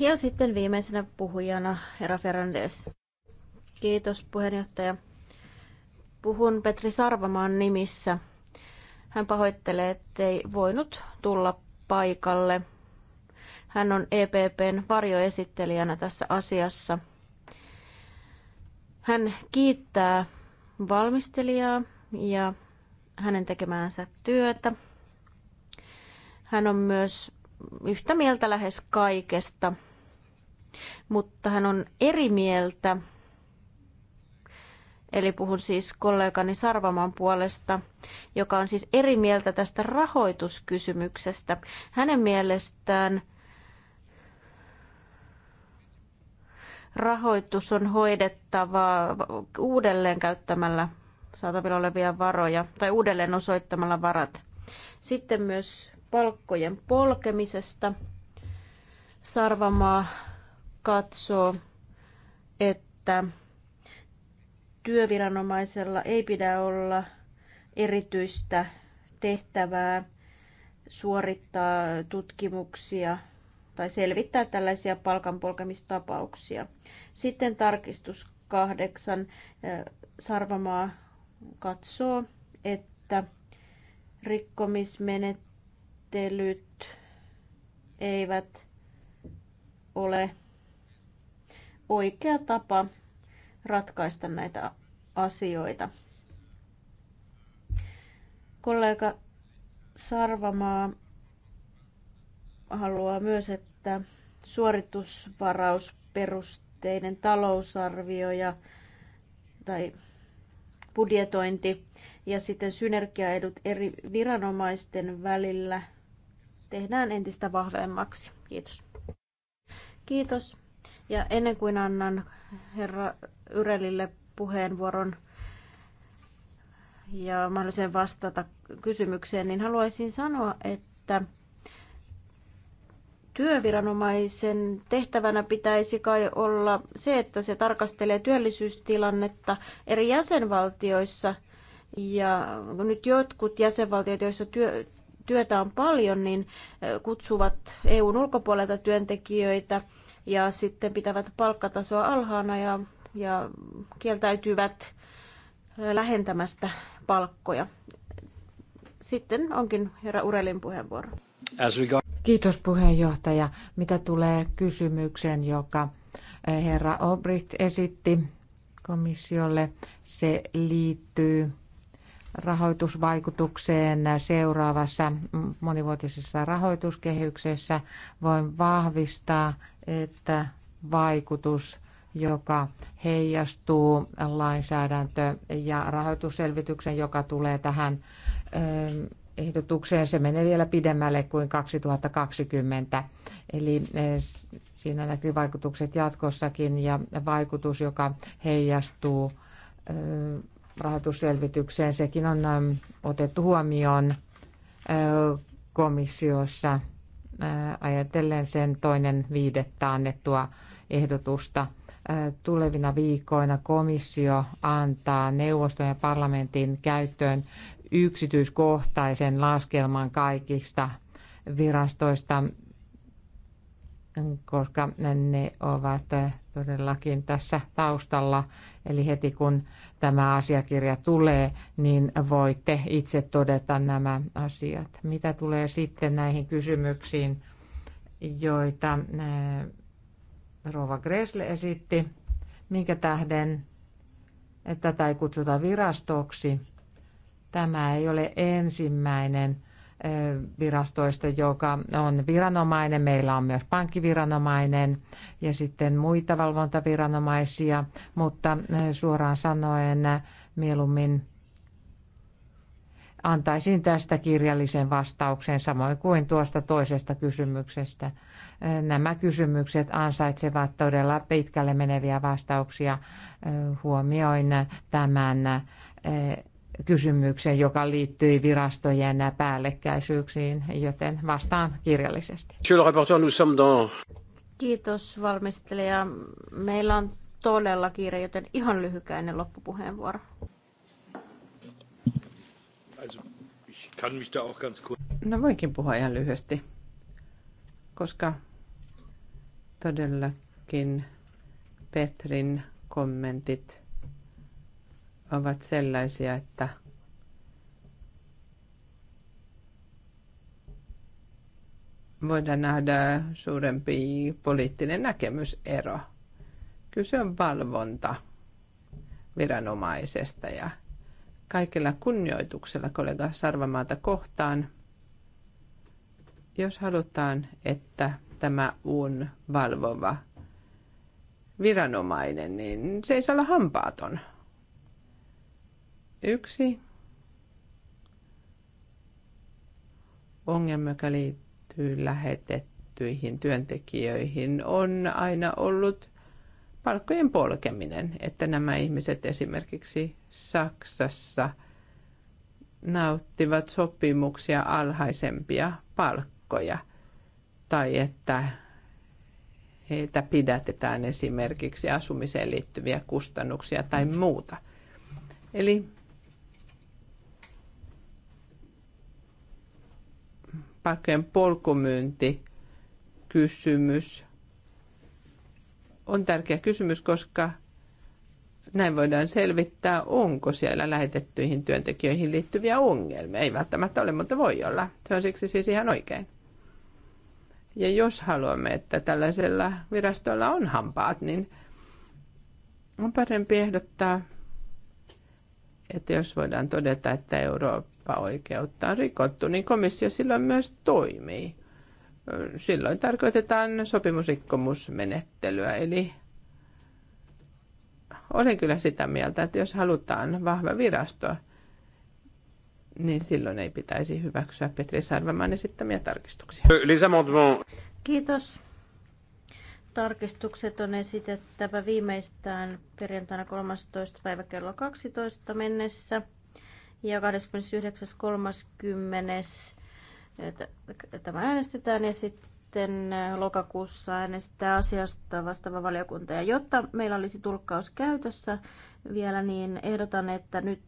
Ja sitten viimeisenä puhujana herra Ferrandes. Kiitos puheenjohtaja. Puhun Petri Sarvamaan nimissä. Hän pahoittelee, ettei voinut tulla paikalle. Hän on EPPn varjoesittelijänä tässä asiassa. Hän kiittää valmistelijaa ja hänen tekemäänsä työtä. Hän on myös yhtä mieltä lähes kaikesta, mutta hän on eri mieltä Eli puhun siis kollegani Sarvaman puolesta, joka on siis eri mieltä tästä rahoituskysymyksestä. Hänen mielestään rahoitus on hoidettava uudelleen käyttämällä saatavilla olevia varoja tai uudelleen osoittamalla varat. Sitten myös palkkojen polkemisesta. Sarvamaa katsoo, että työviranomaisella ei pidä olla erityistä tehtävää suorittaa tutkimuksia tai selvittää tällaisia palkanpolkemistapauksia. Sitten tarkistus kahdeksan. Sarvamaa katsoo, että rikkomismenettelyt eivät ole oikea tapa ratkaista näitä asioita. Kollega Sarvamaa haluaa myös, että suoritusvarausperusteinen talousarvio ja, tai budjetointi ja sitten synergiaedut eri viranomaisten välillä tehdään entistä vahvemmaksi. Kiitos. Kiitos. Ja ennen kuin annan herra Yrelille puheenvuoron ja mahdollisen vastata kysymykseen, niin haluaisin sanoa, että työviranomaisen tehtävänä pitäisi kai olla se, että se tarkastelee työllisyystilannetta eri jäsenvaltioissa. Ja nyt jotkut jäsenvaltiot, joissa työ, työtä on paljon, niin kutsuvat EUn ulkopuolelta työntekijöitä ja sitten pitävät palkkatasoa alhaana ja ja kieltäytyvät lähentämästä palkkoja. Sitten onkin herra Urelin puheenvuoro. Kiitos puheenjohtaja. Mitä tulee kysymykseen, joka eh, herra Obricht esitti komissiolle, se liittyy rahoitusvaikutukseen seuraavassa monivuotisessa rahoituskehyksessä. Voin vahvistaa, että vaikutus joka heijastuu lainsäädäntö- ja rahoitusselvityksen, joka tulee tähän ähm, ehdotukseen. Se menee vielä pidemmälle kuin 2020. Eli äh, siinä näkyy vaikutukset jatkossakin ja vaikutus, joka heijastuu äh, rahoitusselvitykseen, sekin on ähm, otettu huomioon äh, komissiossa ajatellen sen toinen viidettä annettua ehdotusta – tulevina viikoina komissio antaa neuvoston ja parlamentin käyttöön yksityiskohtaisen laskelman kaikista virastoista, koska ne ovat todellakin tässä taustalla. Eli heti kun tämä asiakirja tulee, niin voitte itse todeta nämä asiat. Mitä tulee sitten näihin kysymyksiin, joita Rova Gresle esitti, minkä tähden että tätä ei kutsuta virastoksi. Tämä ei ole ensimmäinen virastoista, joka on viranomainen. Meillä on myös pankkiviranomainen ja sitten muita valvontaviranomaisia, mutta suoraan sanoen mieluummin antaisin tästä kirjallisen vastauksen samoin kuin tuosta toisesta kysymyksestä. Nämä kysymykset ansaitsevat todella pitkälle meneviä vastauksia. Huomioin tämän kysymyksen, joka liittyi virastojen päällekkäisyyksiin, joten vastaan kirjallisesti. Kiitos valmistelija. Meillä on todella kiire, joten ihan lyhykäinen loppupuheenvuoro. Kann mich da auch ganz kurz... No voinkin puhua ihan lyhyesti, koska todellakin Petrin kommentit ovat sellaisia, että voidaan nähdä suurempi poliittinen näkemysero. Kyse on valvonta viranomaisesta ja kaikella kunnioituksella kollega Sarvamaata kohtaan. Jos halutaan, että tämä on valvova viranomainen, niin se ei saa olla hampaaton. Yksi ongelma, joka liittyy lähetettyihin työntekijöihin, on aina ollut palkkojen polkeminen, että nämä ihmiset esimerkiksi Saksassa nauttivat sopimuksia alhaisempia palkkoja tai että heitä pidätetään esimerkiksi asumiseen liittyviä kustannuksia tai muuta. Eli palkkojen polkumyynti kysymys on tärkeä kysymys, koska näin voidaan selvittää, onko siellä lähetettyihin työntekijöihin liittyviä ongelmia. Ei välttämättä ole, mutta voi olla. Se on siksi siis ihan oikein. Ja jos haluamme, että tällaisella virastolla on hampaat, niin on parempi ehdottaa, että jos voidaan todeta, että Eurooppa-oikeutta on rikottu, niin komissio silloin myös toimii. Silloin tarkoitetaan sopimusrikkomusmenettelyä, eli olen kyllä sitä mieltä, että jos halutaan vahva virasto, niin silloin ei pitäisi hyväksyä Petri Sarvamaan esittämiä tarkistuksia. Kiitos. Tarkistukset on esitettävä viimeistään perjantaina 13. päivä kello 12 mennessä ja 29.30. Tämä äänestetään ja sitten sitten eh, lokakuussa äänestää asiasta vastaava valiokunta. Ja jotta meillä olisi tulkkaus käytössä vielä, niin ehdotan, että nyt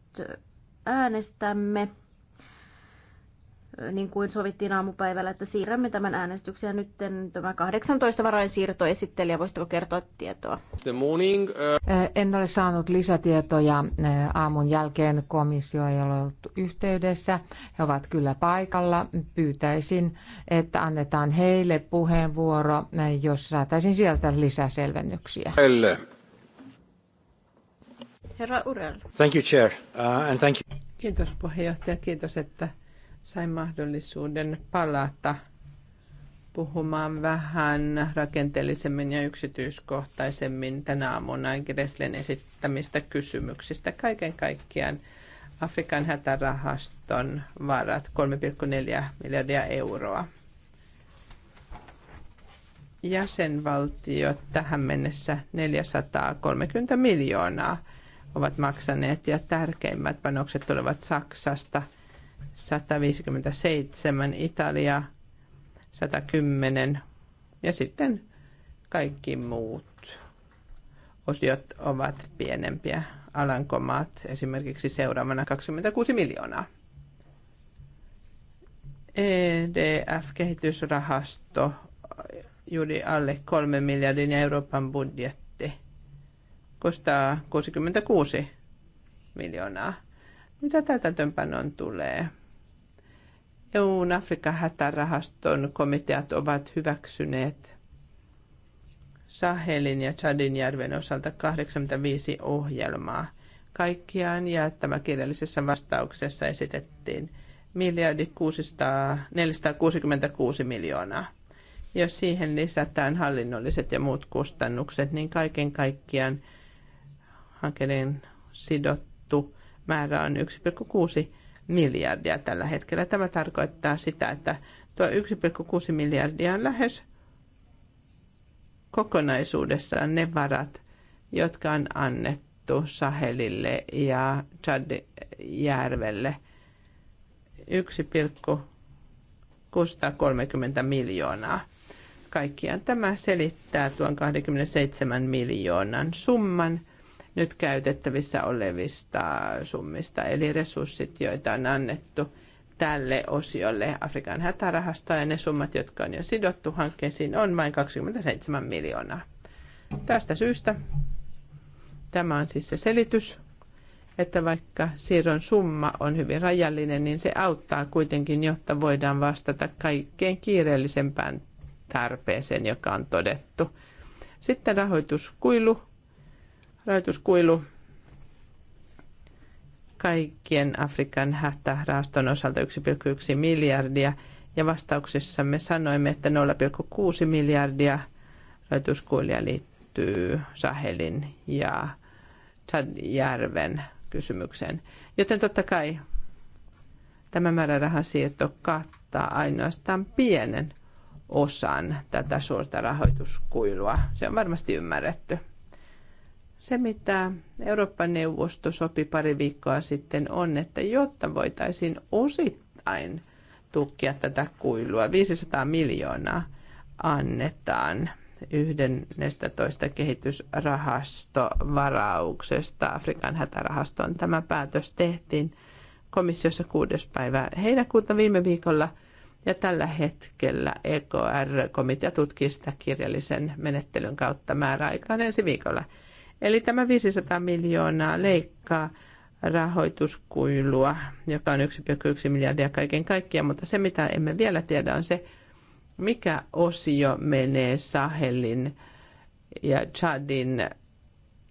äänestämme niin kuin sovittiin aamupäivällä, että siirrämme tämän äänestyksen. Nyt tämä 18 varainsiirto esittelijä, voisitko kertoa tietoa? The morning, uh... Eh, en ole saanut lisätietoja eh, aamun jälkeen. Komissio ei ole ollut yhteydessä. He ovat kyllä paikalla. Pyytäisin, että annetaan heille puheenvuoro, eh, jos saataisiin sieltä lisäselvennyksiä. Elle. Herra Urel. Thank you, Chair. Uh, and thank you. Kiitos puheenjohtaja, kiitos, että sain mahdollisuuden palata puhumaan vähän rakenteellisemmin ja yksityiskohtaisemmin tänä aamuna Greslen esittämistä kysymyksistä. Kaiken kaikkiaan Afrikan hätärahaston varat 3,4 miljardia euroa. Jäsenvaltiot tähän mennessä 430 miljoonaa ovat maksaneet ja tärkeimmät panokset tulevat Saksasta – 157, Italia 110 ja sitten kaikki muut osiot ovat pienempiä. Alankomaat esimerkiksi seuraavana 26 miljoonaa. EDF-kehitysrahasto juuri alle 3 miljardin ja Euroopan budjetti kostaa 66 miljoonaa. Mitä täytäntöönpanon tulee? EUn Afrikan hätärahaston komiteat ovat hyväksyneet Sahelin ja Chadin järven osalta 85 ohjelmaa kaikkiaan ja tämä kirjallisessa vastauksessa esitettiin miljardi 600, 466 miljoonaa. Jos siihen lisätään hallinnolliset ja muut kustannukset, niin kaiken kaikkiaan hankkeen sidot määrä on 1,6 miljardia tällä hetkellä. Tämä tarkoittaa sitä, että tuo 1,6 miljardia on lähes kokonaisuudessaan ne varat, jotka on annettu Sahelille ja Chad-järvelle. 1,630 miljoonaa kaikkiaan. Tämä selittää tuon 27 miljoonan summan, nyt käytettävissä olevista summista, eli resurssit, joita on annettu tälle osiolle Afrikan hätärahastoa ja ne summat, jotka on jo sidottu hankkeisiin, on vain 27 miljoonaa. Tästä syystä tämä on siis se selitys, että vaikka siirron summa on hyvin rajallinen, niin se auttaa kuitenkin, jotta voidaan vastata kaikkein kiireellisempään tarpeeseen, joka on todettu. Sitten rahoituskuilu rajoituskuilu kaikkien Afrikan hätärahaston osalta 1,1 miljardia ja me sanoimme, että 0,6 miljardia rajoituskuilia liittyy Sahelin ja Tadjärven kysymykseen. Joten totta kai tämä määrärahan siirto kattaa ainoastaan pienen osan tätä suurta rahoituskuilua. Se on varmasti ymmärretty. Se, mitä Euroopan neuvosto sopi pari viikkoa sitten, on, että jotta voitaisiin osittain tukkia tätä kuilua, 500 miljoonaa annetaan 11 kehitysrahastovarauksesta Afrikan hätärahastoon. Tämä päätös tehtiin komissiossa 6. päivä heinäkuuta viime viikolla ja tällä hetkellä EKR-komitea tutkii sitä kirjallisen menettelyn kautta määräaikaan ensi viikolla. Eli tämä 500 miljoonaa leikkaa rahoituskuilua, joka on 1,1 miljardia kaiken kaikkiaan, mutta se mitä emme vielä tiedä on se, mikä osio menee Sahelin ja Chadin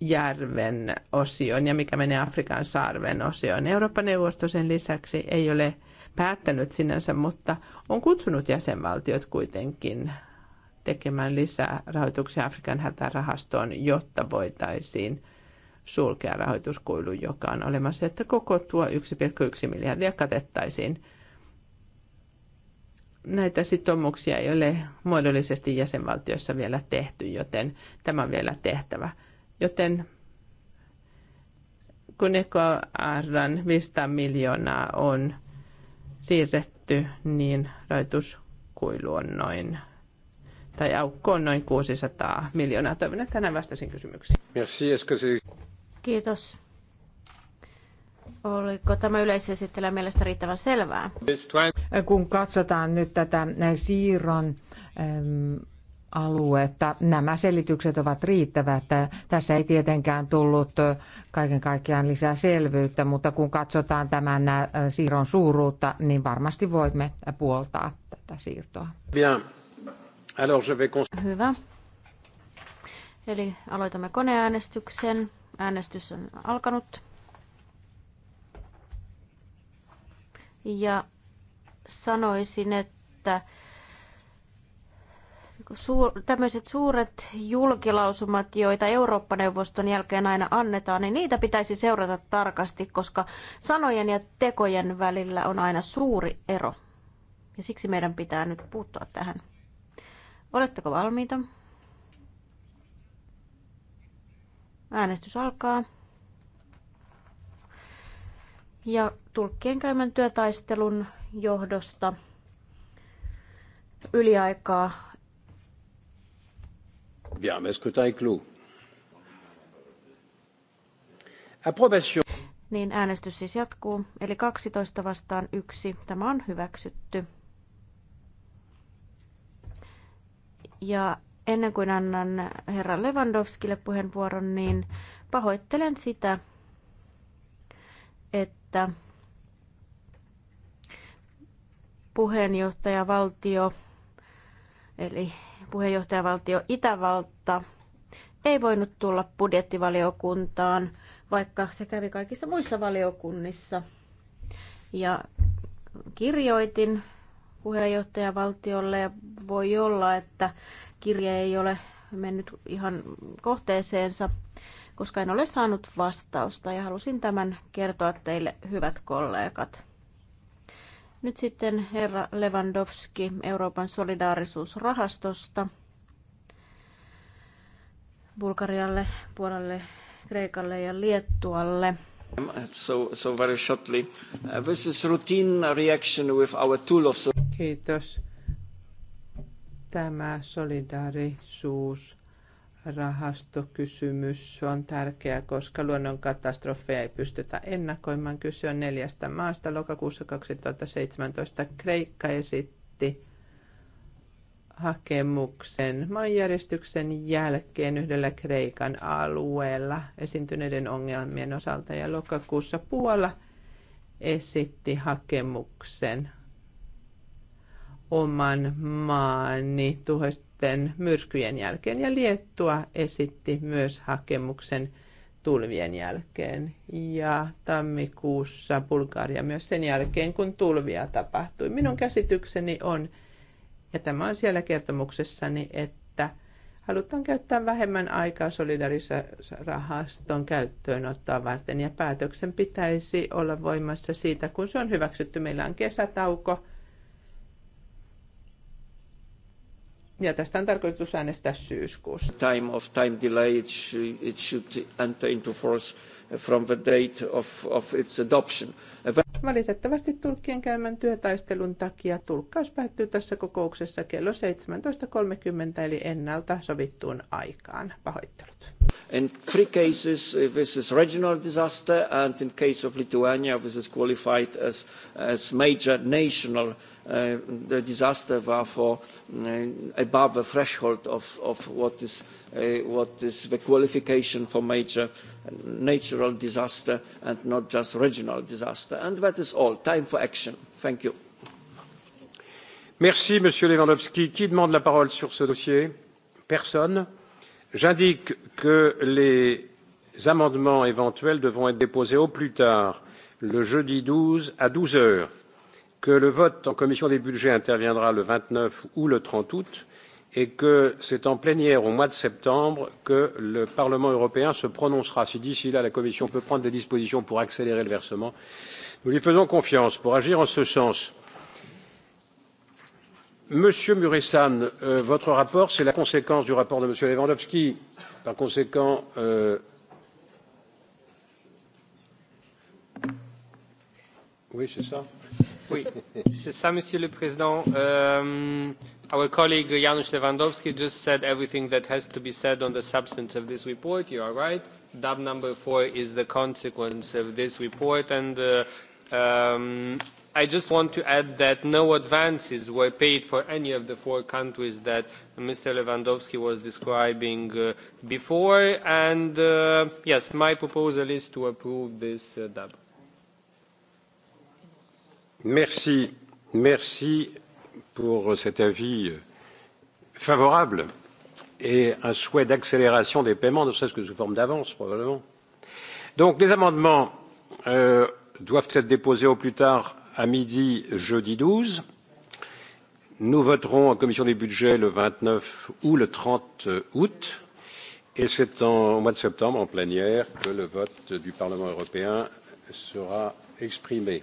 järven osioon ja mikä menee Afrikan saarven osioon. Euroopan neuvosto sen lisäksi ei ole päättänyt sinänsä, mutta on kutsunut jäsenvaltiot kuitenkin tekemään lisää rahoituksia Afrikan hätärahastoon, jotta voitaisiin sulkea rahoituskuilu, joka on olemassa, että koko tuo 1,1 miljardia katettaisiin. Näitä sitoumuksia ei ole muodollisesti jäsenvaltioissa vielä tehty, joten tämä on vielä tehtävä. Joten kun EKRn 500 miljoonaa on siirretty, niin rahoituskuilu on noin tai aukko on noin 600 miljoonaa. Toivon, että tänään vastasin kysymyksiin. Kiitos. Oliko tämä yleisesittelijä mielestä riittävän selvää? Kun katsotaan nyt tätä siirron ähm, aluetta. Nämä selitykset ovat riittävät. Tässä ei tietenkään tullut äh, kaiken kaikkiaan lisää selvyyttä, mutta kun katsotaan tämän äh, siirron suuruutta, niin varmasti voimme puoltaa tätä siirtoa. Bien. Alors je vais... Hyvä. Eli aloitamme koneäänestyksen. Äänestys on alkanut. Ja sanoisin, että suur, tämmöiset suuret julkilausumat, joita Eurooppa-neuvoston jälkeen aina annetaan, niin niitä pitäisi seurata tarkasti, koska sanojen ja tekojen välillä on aina suuri ero. Ja siksi meidän pitää nyt puuttua tähän. Oletteko valmiita? Äänestys alkaa. Ja tulkkien käymän työtaistelun johdosta yliaikaa. Bien, mais scrutin est clos. Approbation. Niin äänestys siis jatkuu, eli 12 vastaan 1. Tämä on hyväksytty. Ja ennen kuin annan herra Lewandowskille puheenvuoron, niin pahoittelen sitä, että puheenjohtajavaltio, eli puheenjohtajavaltio Itävalta, ei voinut tulla budjettivaliokuntaan, vaikka se kävi kaikissa muissa valiokunnissa. Ja kirjoitin puheenjohtajavaltiolle ja voi olla, että kirje ei ole mennyt ihan kohteeseensa, koska en ole saanut vastausta ja halusin tämän kertoa teille, hyvät kollegat. Nyt sitten herra Lewandowski Euroopan solidaarisuusrahastosta Bulgarialle, Puolalle, Kreikalle ja Liettualle. So, so very shortly. Uh, this is routine reaction with our tool of Kiitos. Tämä solidaarisuus rahastokysymys on tärkeä, koska luonnon katastrofeja ei pystytä ennakoimaan. Kyse on neljästä maasta. Lokakuussa 2017 Kreikka esitti hakemuksen maanjäristyksen jälkeen yhdellä Kreikan alueella esiintyneiden ongelmien osalta ja lokakuussa Puola esitti hakemuksen oman maani tuhoisten myrskyjen jälkeen ja Liettua esitti myös hakemuksen tulvien jälkeen ja tammikuussa Bulgaria myös sen jälkeen, kun tulvia tapahtui. Minun käsitykseni on, ja tämä on siellä kertomuksessani, että halutaan käyttää vähemmän aikaa solidarisrahaston käyttöönottoa varten ja päätöksen pitäisi olla voimassa siitä, kun se on hyväksytty. Meillä on kesätauko Ja tästä on tarkoitus äänestää syyskuussa. Time of time delay it, should, it should enter into force from the date of, of its adoption. Valitettavasti tulkkien käymän työtaistelun takia tulkkaus päättyy tässä kokouksessa kello 17.30 eli ennalta sovittuun aikaan. Pahoittelut. In three cases, this is regional disaster and in case of Lithuania, this is qualified as, as major national disaster the disaster therefore uh, above the threshold of, of what, is, uh, what is the qualification for major natural disaster and not just regional disaster. And that is all. Time for action. Thank you. Merci, Monsieur Lewandowski. Qui demande la parole sur ce dossier Personne. J'indique que les amendements éventuels devront être déposés au plus tard le jeudi 12 à 12 heures que le vote en commission des budgets interviendra le 29 ou le 30 août et que c'est en plénière au mois de septembre que le Parlement européen se prononcera. Si d'ici là la Commission peut prendre des dispositions pour accélérer le versement, nous lui faisons confiance pour agir en ce sens. Monsieur Muresan, euh, votre rapport, c'est la conséquence du rapport de Monsieur Lewandowski. Par conséquent, euh, oui, c'est ça c'est ça, Monsieur le Président. Um, our colleague Janusz Lewandowski just said everything that has to be said on the substance of this report. You are right. DAB number four is the consequence of this report, and uh, um, I just want to add that no advances were paid for any of the four countries that Mr. Lewandowski was describing uh, before, and uh, yes, my proposal is to approve this uh, DAB. Merci, merci pour cet avis favorable et un souhait d'accélération des paiements, ne serait-ce que sous forme d'avance probablement. Donc les amendements euh, doivent être déposés au plus tard à midi jeudi 12. Nous voterons en commission des budgets le 29 ou le 30 août. Et c'est au mois de septembre, en plénière, que le vote du Parlement européen sera exprimé.